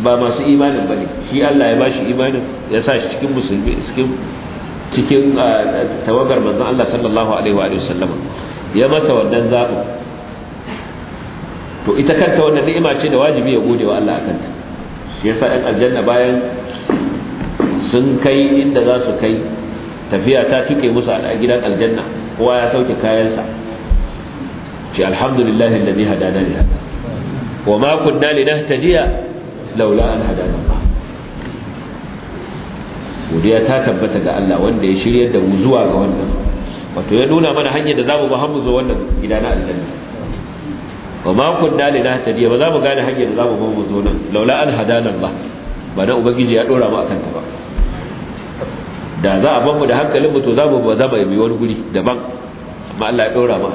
ba masu imanin bane shi Allah ya bashi imanin ya sa shi cikin musulmi cikin cikin ah, tawagar manzon Allah sallallahu alaihi wa sallama ya masa wannan zabu to ita kanta wannan ni'ima ce da wajibi ya gode wa Allah a kanta shi yasa ɗan aljanna bayan sun kai inda za su kai tafiya ta tuke musu a gidan aljanna kowa ya sauke kayansa ce alhamdulillah alladhi hadana li hada wa ma kunna linahtadiya laula an hadana Allah godiya ta tabbata ga Allah wanda ya shiryar da mu zuwa ga wannan wato ya nuna mana hanyar da zamu ba har mu zo wannan gidana aljanna wa ma kunna linahtadiya ba za mu gane hanyar da za mu bi mu zo nan laula an hadana Allah ba dan ubangiji ya dora mu akan ta ba da za a bamu da hankalin mu to za mu ba za mu yi wani guri daban amma Allah ya dora mu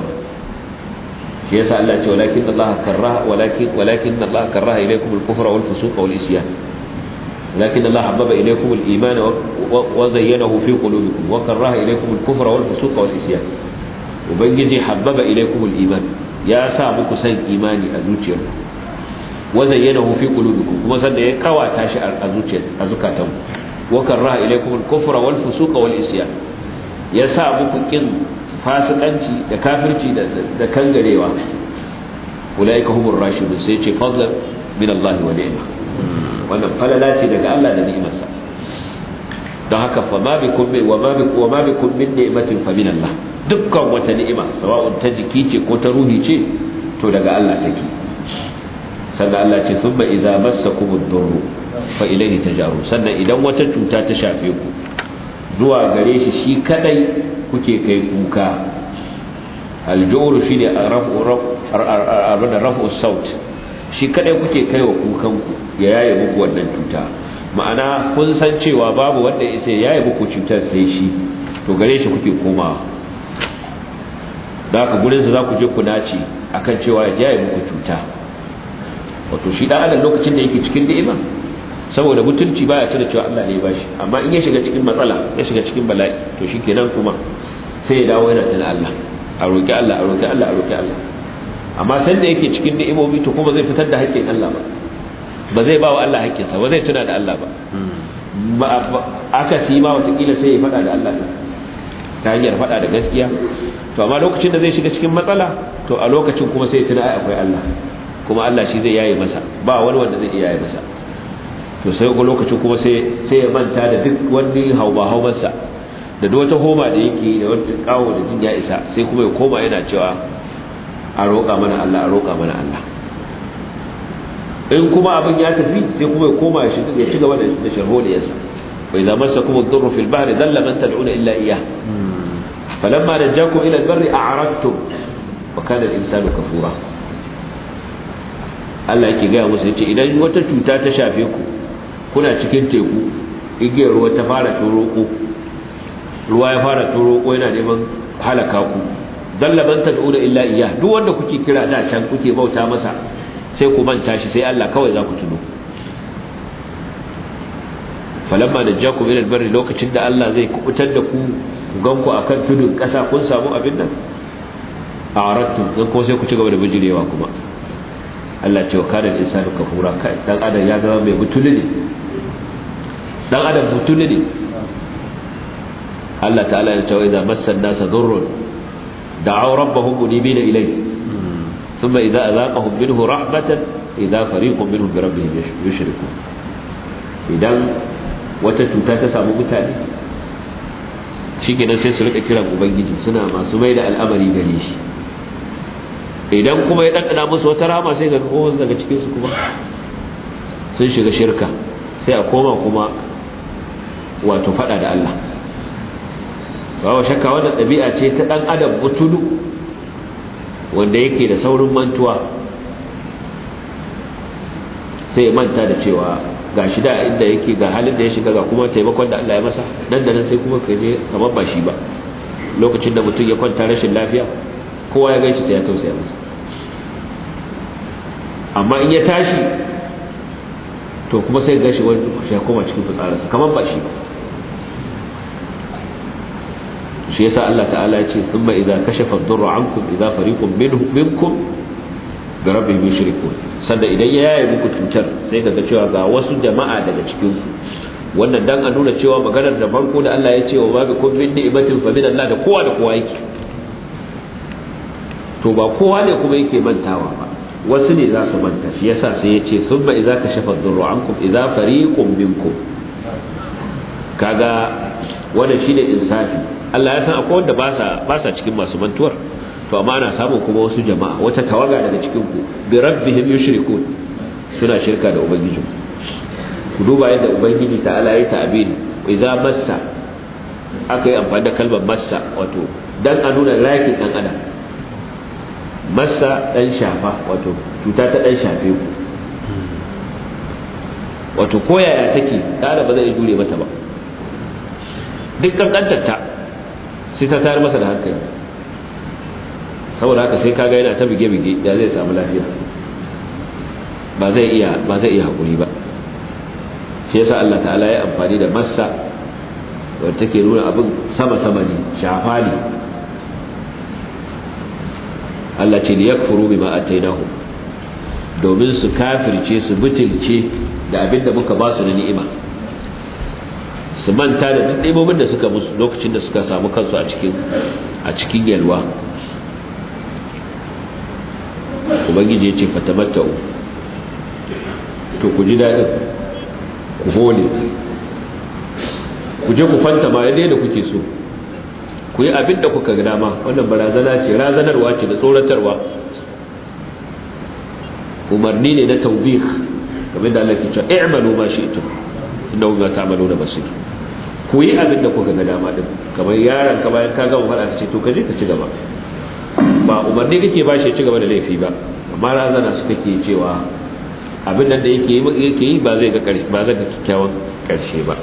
shi yasa Allah ce walakin Allah karraha walakin walakin Allah karraha ilaykum al-kufra wal fusuq wal isyan لكن الله حبب إليكم الإيمان وزينه في قلوبكم وكره إليكم الكفر والفسوق والإسيان وبنجي حبب إليكم الإيمان ya sa muku san imani a zuciyarku Wazan zayyanahu fi qulubikum kuma sanda ya kawata shi a zuciyar a zukatanku wa karraha ilaykum al-kufra wal fusuqa wal isyan ya sa muku kin fasikanci da kafirci da kangarewa ulaika humur rashidun sai ce fadlan min Allah wa ni'ma wannan falala ce daga Allah da ni'imarsa don haka fa ma bikum wa ma bikum min ni'matin fa min Allah dukkan wata ni'ima sawa'un ta jiki ce ko ta ruhi ce to daga Allah take sannan Allah ce thumma idza massakum ad-durru fa ilayhi tajaru sannan idan wata cuta ta shafe ku zuwa gare shi shi kadai kuke kai kuka al-jawru fi rafu rafu rafu saut shi kadai kuke kai wa kukan ku ya yaye muku wannan cuta ma'ana kun san cewa babu wanda ya yaye muku cutar sai shi to gare shi kuke komawa da haka gurinsa za ku je ku nace akan cewa ya jaye muku cuta wato shi dan adam lokacin da yake cikin ni'ima saboda mutunci baya tana cewa Allah ne ya bashi amma in ya shiga cikin matsala ya shiga cikin bala'i to shi kenan kuma sai ya dawo yana tana Allah a roki Allah a roki Allah a roki Allah amma san da yake cikin ni'imomi to kuma zai fitar da haƙƙin Allah ba ba zai ba wa Allah haƙƙinsa ba zai tuna da Allah ba aka sima wata kila sai ya faɗa da Allah ne ta hanyar faɗa da gaskiya to amma lokacin da zai shiga cikin matsala to a lokacin kuma sai tuna ai akwai Allah kuma Allah shi zai yaye masa ba wani wanda zai yaye masa to sai ga lokacin kuma sai sai ya manta da duk wani hauba haubarsa da duk wata homa da yake da wata kawo da jin ya isa sai kuma ya koma yana cewa a roƙa mana Allah a roƙa mana Allah in kuma abin ya tafi sai kuma ya koma ya ci gaba da sharholiyarsa wa idza masakum ad-durru fil bahri dalla man tad'una illa iyyah falamma najjakum ila albarri a wa kana al kafura Allah yake gaya musu ce idan wata cuta ta shafe ku kuna cikin teku igiyar ruwa ta fara turoko ruwa ya fara turoko yana neman halaka ku ta tad'una illa iya duk wanda kuke kira da can kuke bauta masa sai ku manta shi sai Allah kawai za ku tuno falamma najjakum ila albarri lokacin da Allah zai kubutar da ku ganku akan tudun kasa kun samu abin nan a'radtum dan ko sai ku ci gaba da bijirewa kuma Allah ce wa kada al-insanu kafura kai dan adam ya zama mai butuli ne dan adam butuli ne Allah ta'ala ya ce wa idza massan nasa dhurrun da'aw rabbahum munibina ilayhi ثم إذا أذاقهم منه رحمة إذا فريق منهم بربهم يشركون idan wata cuta ta samu mutane shi sai su rika kiran ubangiji suna masu mai da al'amari gare shi idan kuma ya ɗanɗana musu wata rama sai ga kowansu daga cikinsu kuma sun shiga shirka sai a koma kuma wato faɗa da Allah bawa shakka wanda ɗabi'a ce ta ɗan adam mutulu wanda yake da saurin mantuwa sai manta da cewa ga shi da inda yake ga halin da ya shiga ga kuma taimakon da Allah ya masa nan da nan sai kuma ka je kamar ba shi ba lokacin da mutum ya kwanta rashin lafiya kowa ya gaishe sai ya tausaya masa amma in ya tashi to kuma sai gashi wani ya koma cikin sa kamar ba shi ba shi yasa Allah ta'ala ya ce thumma idza kashafa ad-durra ankum idza fariqun minhum minkum bi rabbihim yushrikun sanda idan ya yi muku cutar sai ga cewa ga wasu jama'a daga cikin su wannan dan a nuna cewa maganar da farko da Allah ya ce wa babu kun bin ni'matin fa min Allah da kowa da kowa yake to ba kowa ne kuma yake mantawa ba wasu ne za su manta shi yasa sai ya ce thumma idza kashafa dhurru ankum idza fariqum minkum kaga wannan shine insafi Allah ya san akwai wanda ba sa ba sa cikin masu mantuwar to amma ana samun kuma wasu jama'a wata tawaga daga cikin ku bi rabbihim yushrikun suna shirka da ubangiji ku duba yadda ubangiji ta ala yi ta'abin idza massa aka yi amfani da kalmar massa wato dan a nuna lakin dan adam massa dan shafa wato cuta ta dan shafe ku wato koyaya take da ba zai jure mata ba duk ta sai ta tayar masa da hankali saboda haka sai kaga yana ta bige-bige da zai samu lafiya ba zai iya ba zai iya hakuri ba shi yasa Allah ta'ala ya amfani da massa wanda take nuna abin sama sama ne shafa ne Allah ce ya furu bi bima nahu. domin su kafirce su butulce da abin da muka ba su ni'ima su manta da duk ɗaibomin da suka musu lokacin da suka samu kansu a cikin a cikin yalwa ubangiji ya ce fatamatta'u to ku ji daɗin ku fole ku je ku fanta ma yadda yadda kuke so ku yi abin da kuka ga dama wannan barazana ce razanarwa ce da tsoratarwa umarni ne na taubik kamar da Allah ke cewa i'malu ma shi'tum ta ma ta'maluna basir ku yi abin da kuka ga dama din kamar yaron ka bayan ka gama fara ka ce to ka je ka ci gaba ba umarni kake ba shi ci gaba da laifi ba amma razana su kake cewa abin nan da yake yake yi ba zai ga ƙarshe ba zai ga kikkiawan karshe ba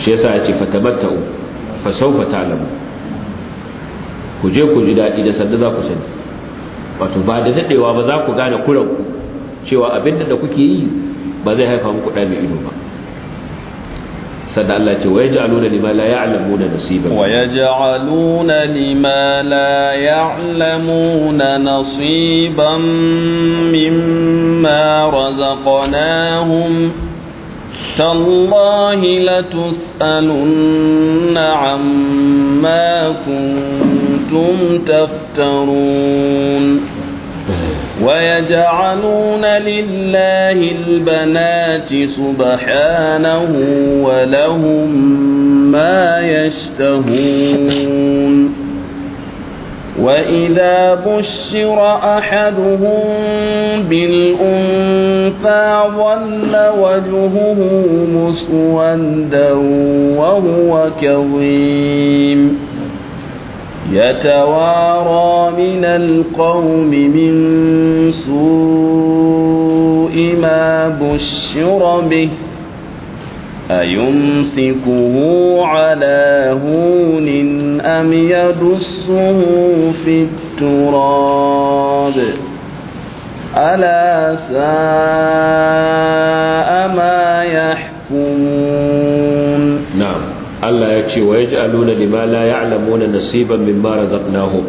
shi yasa yace fatabatta'u fa sawfa ta'lamu ku je ku ji dadi da sanda za ku sani wato ba da dadewa ba za ku gane kuran cewa abin da kuke yi ba zai haifa muku da mai ido ba sannan Allah ce wa yaj'aluna lima la ya'lamuna nasiban wa yaj'aluna lima la ya'lamuna nasiban mimma razaqnahum تالله لتسألن عما كنتم تفترون ويجعلون لله البنات سبحانه ولهم ما يشتهون وإذا بشر أحدهم بالأنفى ظل وجهه مسودا وهو كظيم يتوارى من القوم من سوء ما بشر به أيمسكه على هون أم يدسه في التراب ألا ساء ما يحكمون Allah ya ce wa aluna lima la ya'lamuna nasiban mimma razaqnahum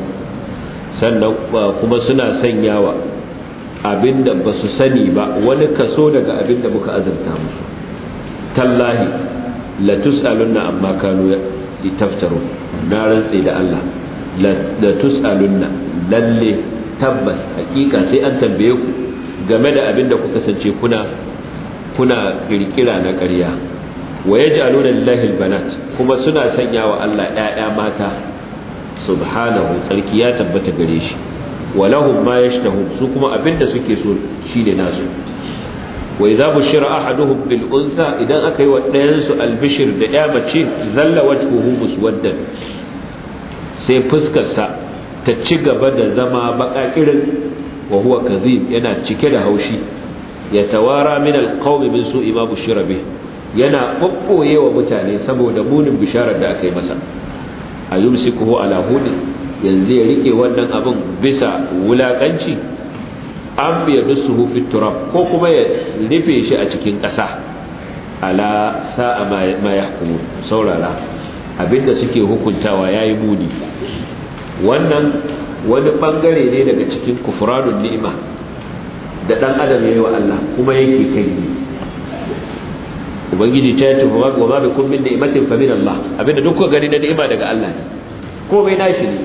sannan uh, kuma suna sanyawa abinda ba su sani ba wani kaso daga abinda muka azurta musu tallahi la tus'alunna amma kanu taftaro na rantsi da Allah la tus'alunna lalle tabbas hakika sai an tambaye ku game da abinda kuka sance kuna kuna kirkira na ƙarya wa yaj'alu lillahi Banat kuma suna sanya wa Allah 'ya'ya mata subhanahu tsarki ya tabbata gare shi wa lahum ma yashtahum su kuma abinda suke so shine nasu Wai za bushira ahaduhum bil unsa idan aka yi wa ɗayansu albishir da ya mace zalla wajhuhu muswaddan sai fuskarsa ta ci gaba da zama baka irin wa huwa yana cike da haushi ya tawara min alqawmi min su'i ma bushira yana ɓaɓɓoye wa mutane saboda munin bisharar da aka yi masa a yumsikuhu ala hudin yanzu ya rike wannan abin bisa wulaƙanci? an biya su hufi turab ko kuma ya rufe shi a cikin ƙasa ala sa'a ma kuma saurara abinda suke hukuntawa ya yi muni wannan wani ɓangare ne daga cikin kufuranun ni'ima da ɗan adam ya yi wa Allah kuma yake kai ubangiji ta yatu wa ma bikum min ni'matin fa min Allah abinda duk gani na ni'ima daga Allah ne ko bai nashi ne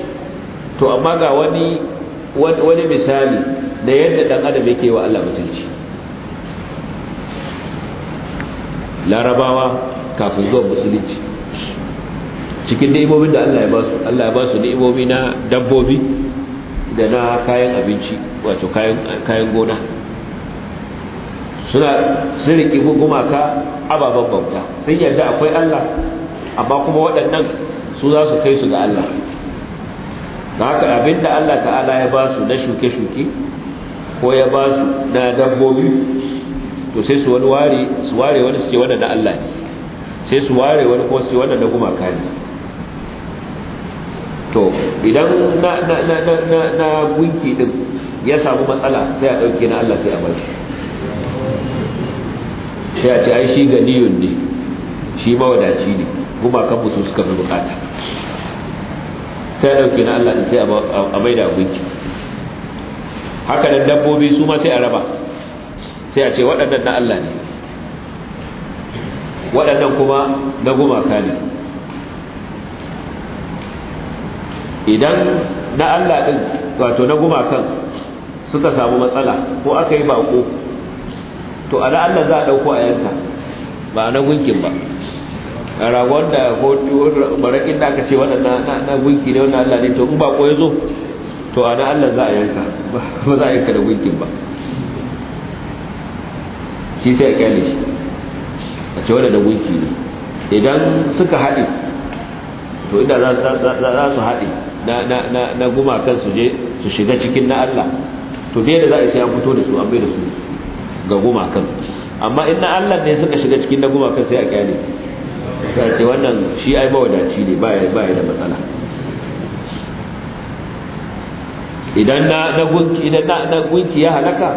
to amma ga wani wani misali da yadda dan adam yake wa Allah mutunci larabawa kafin zuwa musulunci cikin ni'imomin da Allah ya ba su Allah ya ba su ni'imomi na dabbobi da na kayan abinci wato kayan kayan gona suna sun hukuma gumaka ababen bauta sun yarda akwai Allah amma kuma waɗannan su za su kai su ga Allah da haka abinda Allah ta'ala ya ba su na shuke-shuke ko ya ba su na dabbobi to sai su wani ware su ware wani suke wannan na Allah ne sai su ware wani ko su wannan na gumaka ne to idan na gunki din ya samu matsala sai a ɗauke na Allah sai a bar shi shi a ce ai shi ganiyun ne shi mawadaci ne kan musu suka fi bukata sai ɗauki na Allah sai a maida abinci haka nan dabbobi su ma sai a raba sai a ce waɗannan na Allah ne waɗannan kuma na gumaka ne idan na Allah ɗin wato na gumakan suka samu matsala ko aka yi baƙo to ana Allah za a dauko a yanka ba na gunkin ba a ragon da ko barakin da aka ce wannan na gunki ne wannan Allah ne to in ba ko yazo to ana Allah za a yanka ba za a yanka da gunkin ba shi sai a kyale shi a ce wannan da gunki ne idan suka haɗe to inda za su haɗe na gumakan su je su shiga cikin na Allah to da yadda za a sai an fito da su an bai da su ga gumakan amma in na Allah ne suka shiga cikin na gumakan sai a kyale ta ce wannan shi ai mawadaci ne ba ya da matsala idan na gunki ya halaka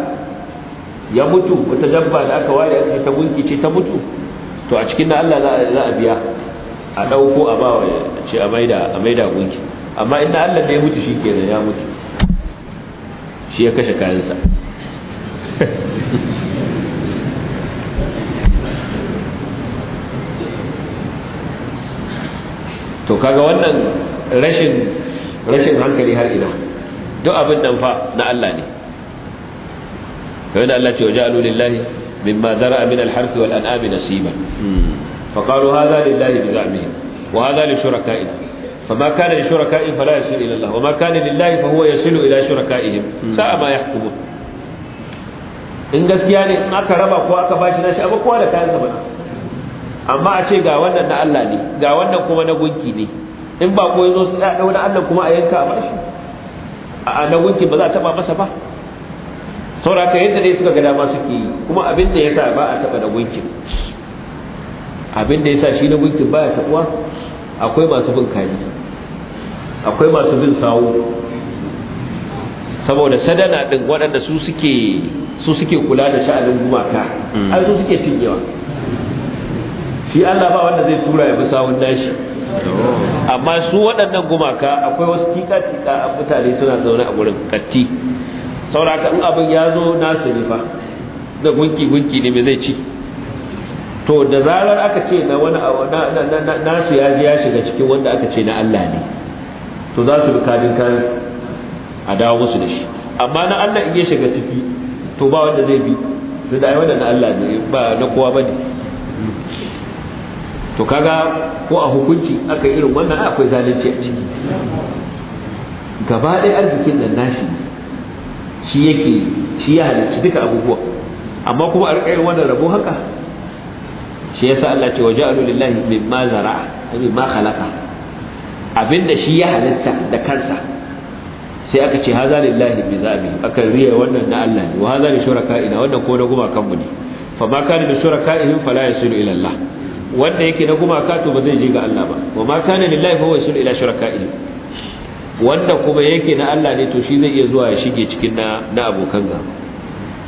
ya mutu wata dabba da aka ware a ta gunki ce ta mutu to a cikin na Allah za a biya a ɗauko a bawa ce a maida a gunki amma inda Allah ne ya mutu shi shikenan ya mutu shi ya kashe kayansa to kaga wannan rashin rashin hankali har ina duk abin nan fa na Allah ne kamar da Allah ce wa ja'alu lillahi mimma zara'a min al-harfi wal an'ami nasiban hmm. fa qalu hadha lillahi bi za'mihim wa hadha li shuraka'ina fama kana li shuraka'in fala yasilu ila Allah wa ma kana lillahi fa huwa yasilu ila shuraka'ihim hmm. sa'a ma yahkumun in gaskiya ne in aka raba ko aka bashi nashi abu kowa da kayan sa bane amma a ce ga wannan na Allah ne ga wannan kuma na gunki ne in ba ko yazo sai da wani Allah kuma a yanka a bashi a na gunki ba za a taba masa ba sauraka yadda dai suka ga dama suke yi kuma abin da yasa ba a taba na gunkin abin da yasa shi na gunkin baya tabuwa akwai masu bin kaji akwai masu bin sawo saboda sadana din waɗanda su suke su suke kula da sha'anin gumaka ai su suke cinyewa shi Allah ba wanda zai tura ya bi sawun dashi amma su waɗannan gumaka akwai wasu tika-tika a mutane suna zaune a gurin katti sauraka in abin ya zo nasu ne fa da gunki-gunki ne mai zai ci to da zarar aka ce na wani nasu ya ji ya shiga cikin wanda aka ce na Allah ne to za su bi kajin kan a dawo musu da shi amma na Allah in ya shiga ciki to ba wanda zai bi da ai wanda na Allah ne ba na kowa ne. to kaga ko a hukunci aka yi irin wannan akwai zalunci a ciki gaba ɗaya arzikin nan nashi shi yake shi ya halicci duka abubuwa amma kuma a rika irin wannan rabo haka shi yasa Allah ce waje wa ma zara, mimma zara'a mimma khalaqa abinda shi ya halitta da kansa sai aka ce haza lillahi bi zabi aka riya wannan na Allah ne wa haza li shuraka'ina wannan ko na gumakan mu ne fa ma kana bi shuraka'ihim fala yasilu ila Allah wanda yake na gumaka to ba zai je ga Allah ba wa ma kana lillahi fa huwa yasul ila shuraka'i wanda kuma yake na Allah ne to shi zai iya zuwa ya shige cikin na na abokan gaba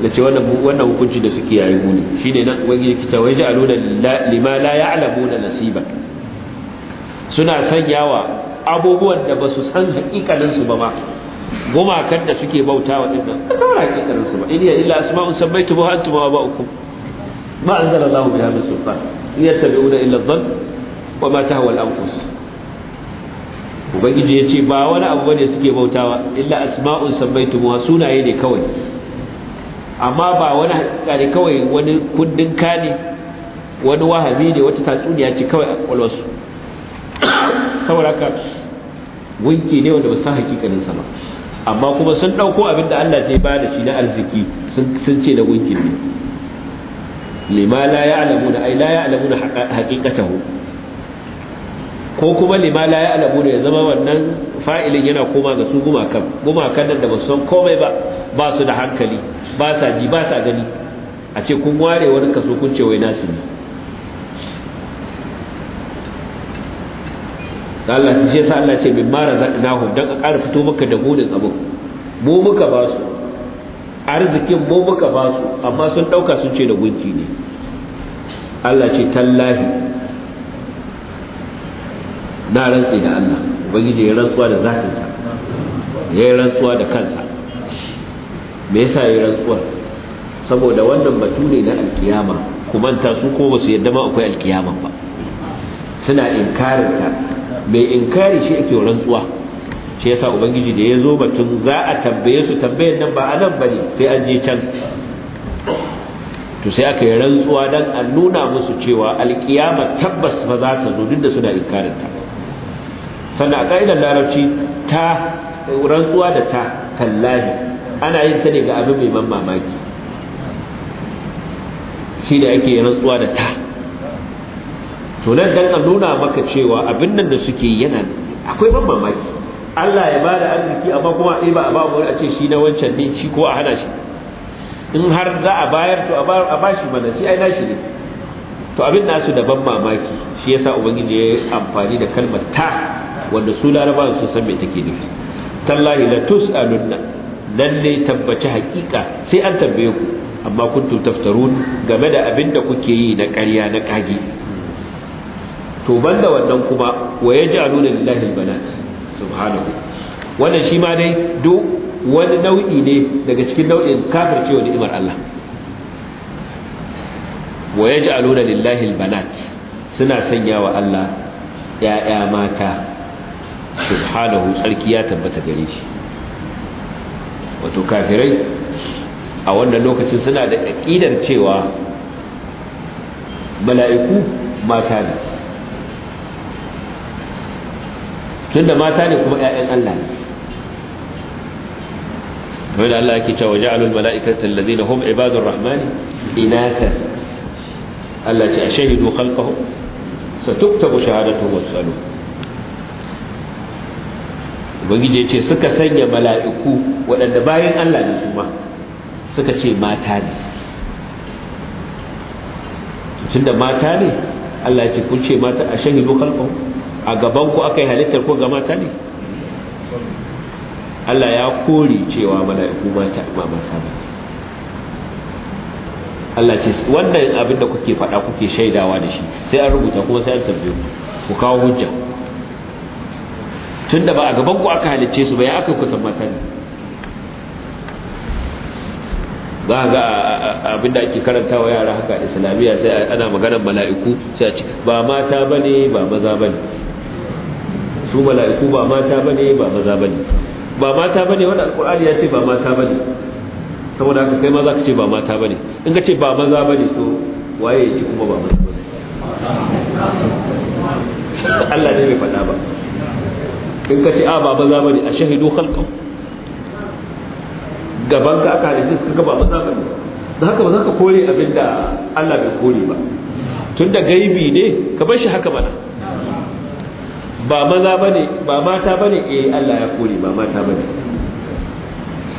da ce wannan wannan hukunci da suke yayi ne shine nan wani yake ta waje aluna lima la ya'lamuna nasiba suna sanyawa abubuwan da ba su san hakikalin su ba ma gumakan da suke bauta wa dinnan ba san hakikalin su ba in ya illa asma'u sabaitu biha antum wa ba'ukum ba anzalallahu Allahu biha min sultan yattabi'una illa dhann wa ma tahwa al-anfus ubangiji yace ba wani abu bane suke bautawa illa asma'un wa sunaye ne kawai amma ba wani hakika kawai wani kundin kane wani wahabi ne wata tatsuniya ce kawai a kwalwarsu saboda haka gunki ne wanda ba san hakikanin sa ba amma kuma sun dauko abin da Allah zai ba da shi na arziki sun ce da gunkin ne lima la da ai la ya'lamuna haqiqatahu ko kuma lima la da ya zama wannan fa'ilin yana koma ga su gumakan gumakan nan da ba san komai ba ba su da hankali ba sa ji ba sa gani a ce kun ware wani kaso kun ce wai nasu ne Allah ce sa Allah ce min mara zaknahum dan a ƙara fito maka da munin abin mu muka ba su arzikin mu muka ba su amma sun ɗauka sun ce da gunki ne Allah ce tallahi na rantsi da Allah ubangiji ya rantsuwa da zatinsa ya yi rantsuwa da kansa me yasa ya yi rantsuwa? saboda wannan batu ne na alkiyama ta su ko ba su yadda ma akwai alkiyama ba suna inkarinta mai inkari shi ake rantsuwa shi yasa ubangiji da ya zo batun za a tambaye su tambayar nan ba a nan bane sai an je can to sai aka yi rantsuwa dan a nuna musu cewa alkiyama tabbas ba za ta zo duk da suna inkarin ta sannan a ka'idar larabci ta rantsuwa da ta tallahi ana yin ta ne ga abin mai man mamaki shi da ake rantsuwa da ta to nan dan a nuna maka cewa abin nan da suke yana akwai ban mamaki Allah ya bada arziki amma kuma a ba a babu wani a ce shi na wancan ne shi ko a hana shi in har za a bayar to a ba shi mana shi ai nashi ne to abin nasu da ban mamaki shi yasa ubangiji ya amfani da kalmar ta wanda su larabawa su san me take nufi tallahi la tus'alunna lalle tabbaci hakika sai an tambaye ku amma kuntum taftarun game da abin da kuke yi na ƙarya na kage to banda wannan kuma wa yaj'aluna lillahi albanat subhanahu wannan shi ma dai duk wani nau'i ne daga cikin nau'in kafircewa ni'imar Allah wa yaj'aluna lillahi albanat suna sanya wa Allah ya'ya mata subhanahu tsarki ya tabbata gare shi wato kafirai a wannan lokacin suna da aqidar cewa mala'iku mata ne tunda mata ne kuma ƴaƴan Allah ne kamar da Allah yake cewa ja'alul mala'ikata allazina hum ibadun rahmani inaka Allah ce a ashahidu khalqahum satuktabu shahadatuhum wasalu ubangiji ya ce suka sanya mala'iku waɗanda bayan Allah ne kuma suka ce mata ne tunda mata ne Allah ce kun ce mata a ashahidu khalqahum a gaban ku aka yi halittar ko ga mata ne Allah ya kore cewa mala'iku mata ba mata ba Allah ce wannan abin da kuke faɗa kuke shaidawa da shi sai an rubuta kuma sai an tambaye ku ku kawo hujja tunda ba a gaban ku aka halicce su ba ya aka kusan mata ne Ba ga abin da ake karanta wa yara haka islamiyya sai ana maganar mala'iku sai a ce ba mata bane ba maza bane su mala'iku ba mata bane ba maza bane ba mata bane wanda alqur'ani ya ce ba mata bane saboda haka kai ma za ka ce ba mata bane in ka ce ba maza bane to waye ya ce kuma ba maza bane Allah ne bai faɗa ba in ka ce a ba maza bane a shahidu khalqan gaban ka aka halitta su ga ba maza bane da haka ba za ka kore abinda Allah bai kore ba tun da gaibi ne ka bar shi haka mana ba maza bane ba mata bane eh Allah ya kore ba mata bane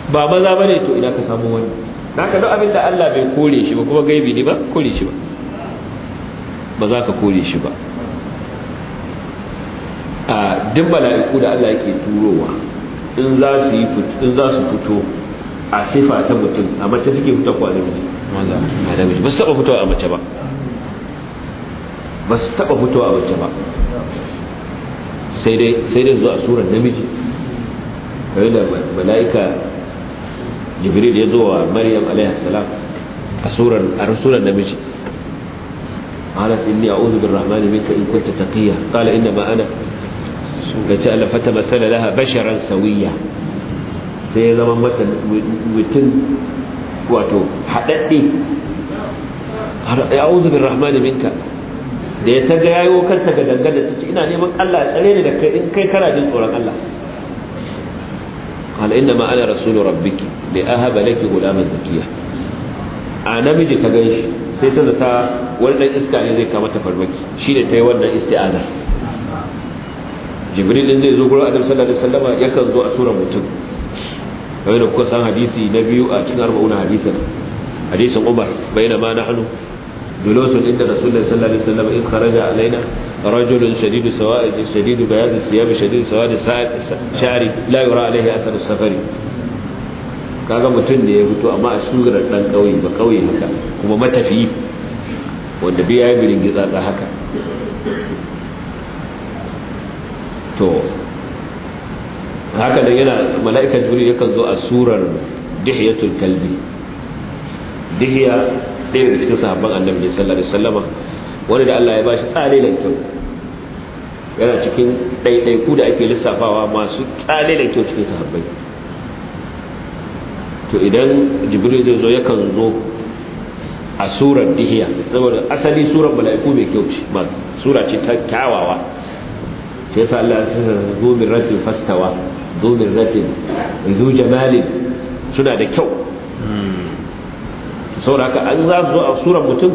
ba maza bane to ina ka samu wani ka duk abin da Allah bai kore shi ba kuma gaibi ne ba kore shi ba ba za ka kore shi ba a duk mala'iku da Allah yake turowa in za su yi in za su fito a sifa ta mutum a mace suke fita ko a namiji ba su taba fitowa a mace ba ba su taba fitowa a mace ba sai dai sai dai zuwa surar namiji kai da malaika jibril ya zo wa maryam alaiha a surar a namiji قالت إني أعوذ بالرحمن منك إن كنت تقيا قال إنما أنا قتال فتمثل لها بشرا سويا sai zama mata mutum wato haɗaɗɗe ya uzu bin da ya ta gayayo kanta ga dangane ta ce ina neman Allah ya tsare ni da kai in kai kana jin tsoron Allah qala inna ma ana rasulu rabbiki li ahaba laki ghulaman zakiya a namiji ta ganshi sai ta zata wani dan iska ne zai kama ta farmaki shine ta yi wannan isti'aza jibril din zai zo gurin annabi sallallahu alaihi wasallama yakan zo a tura mutum kamar da kuka san hadisi na biyu a cikin arba'una hadisin hadisin umar na nahnu جلوس عند رسول الله صلى الله عليه وسلم إذ خرج علينا رجل شديد شديد بياض الثياب شديد شعري لا يرى عليه أثر السفر mutum da ya fito amma a shugarar dan kauye ba kauye haka kuma matafi wanda bai yayi birin gitsa da haka to haka da yana mala'ikar jibril yakan zo a surar dihiyatul kalbi ɗaya da cikin sahabban annabi ne sallallahu alaihi wasallama wanda da Allah ya bashi tsare da kyau yana cikin ɗaiɗaiku da ake lissafawa masu tsare da kyau cikin sahabbai to idan jibril zai zo yakan zo a surar dihiya saboda asali surar mala'iku mai kyau ce ba sura ce ta kyawawa sai sa Allah ya zo min ratin fastawa zo ratin zu jamalin suna da kyau hmm. saboda haka an za su zo a surar mutum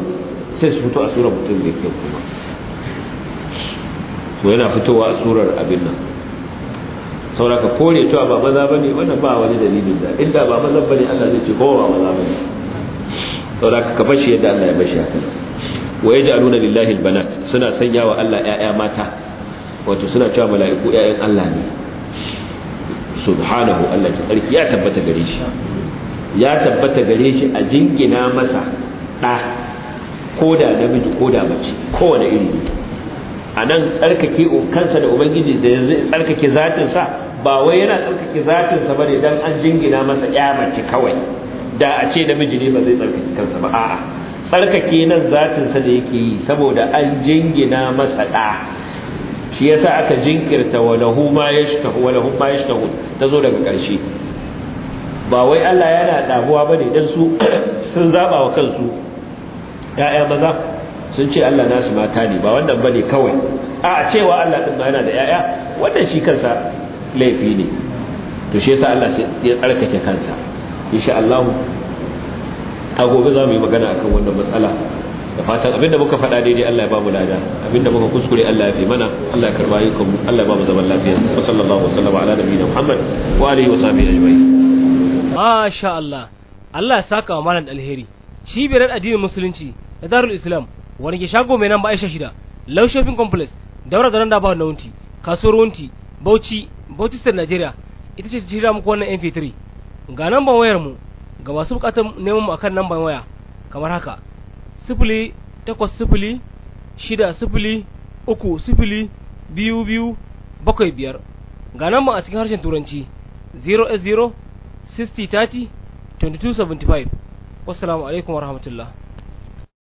sai su fito a surar mutum da ke kuma to yana fitowa a surar abin nan saboda haka kore cewa ba maza ba ne wannan ba wani dalilin da inda ba maza ba ne Allah zai ce kowa ba maza ba ne saboda haka ka fashe yadda Allah ya bashi haka wa yaj'aluna lillahi banat suna sanya wa Allah 'ya'ya mata wato suna cewa mala'iku 'ya'yan Allah ne subhanahu Allah ya tabbata gare shi ya tabbata gare shi a jingina masa ɗa ko da namiji ko da mace kowane iri a nan tsarkake kansa da ubangiji da yanzu tsarkake zatinsa ba wai yana tsarkake zatinsa ba ne don an jingina masa ya mace kawai da a ce namiji ne ba zai tsarkake kansa ba a'a tsarkake nan zatinsa da yake yi saboda an jingina masa ɗa shi yasa aka jinkirta wa lahu ma yashtahu wa lahu ma yashtahu ta zo daga ƙarshe ba wai Allah yana damuwa bane dan su sun zaba wa kansu ya'ya maza sun ce Allah nasu mata ne ba wannan bane kawai a cewa Allah din ma yana da ya'ya wannan shi kansa laifi ne to shi yasa Allah ya tsarkake kansa insha Allah a gobe za mu yi magana akan wannan matsala da fatan abinda muka faɗa daidai Allah ya ba mu lada abinda muka kuskure Allah ya fi mana Allah ya karba ayyukan Allah ya ba mu zaman lafiya wa sallallahu wa sallama ala nabiyina Muhammad wa alihi wa sahbihi ajma'in masha Allah Allah ya saka wa malam alheri cibiyar addinin musulunci da darul islam wani ke shago mai nan ba aisha shida low shopping complex daura da nan da ba wani wunti kasuwar wunti bauchi bauchi state nigeria ita ce jira muku wannan mp3 ga namban wayar mu ga masu bukatar neman mu akan namban waya kamar haka sifili takwas sifili shida sifili uku sifili biyu biyu bakwai biyar ga namban a cikin harshen turanci 0 60 30 22 75 wassalamu alaikum rahmatullah.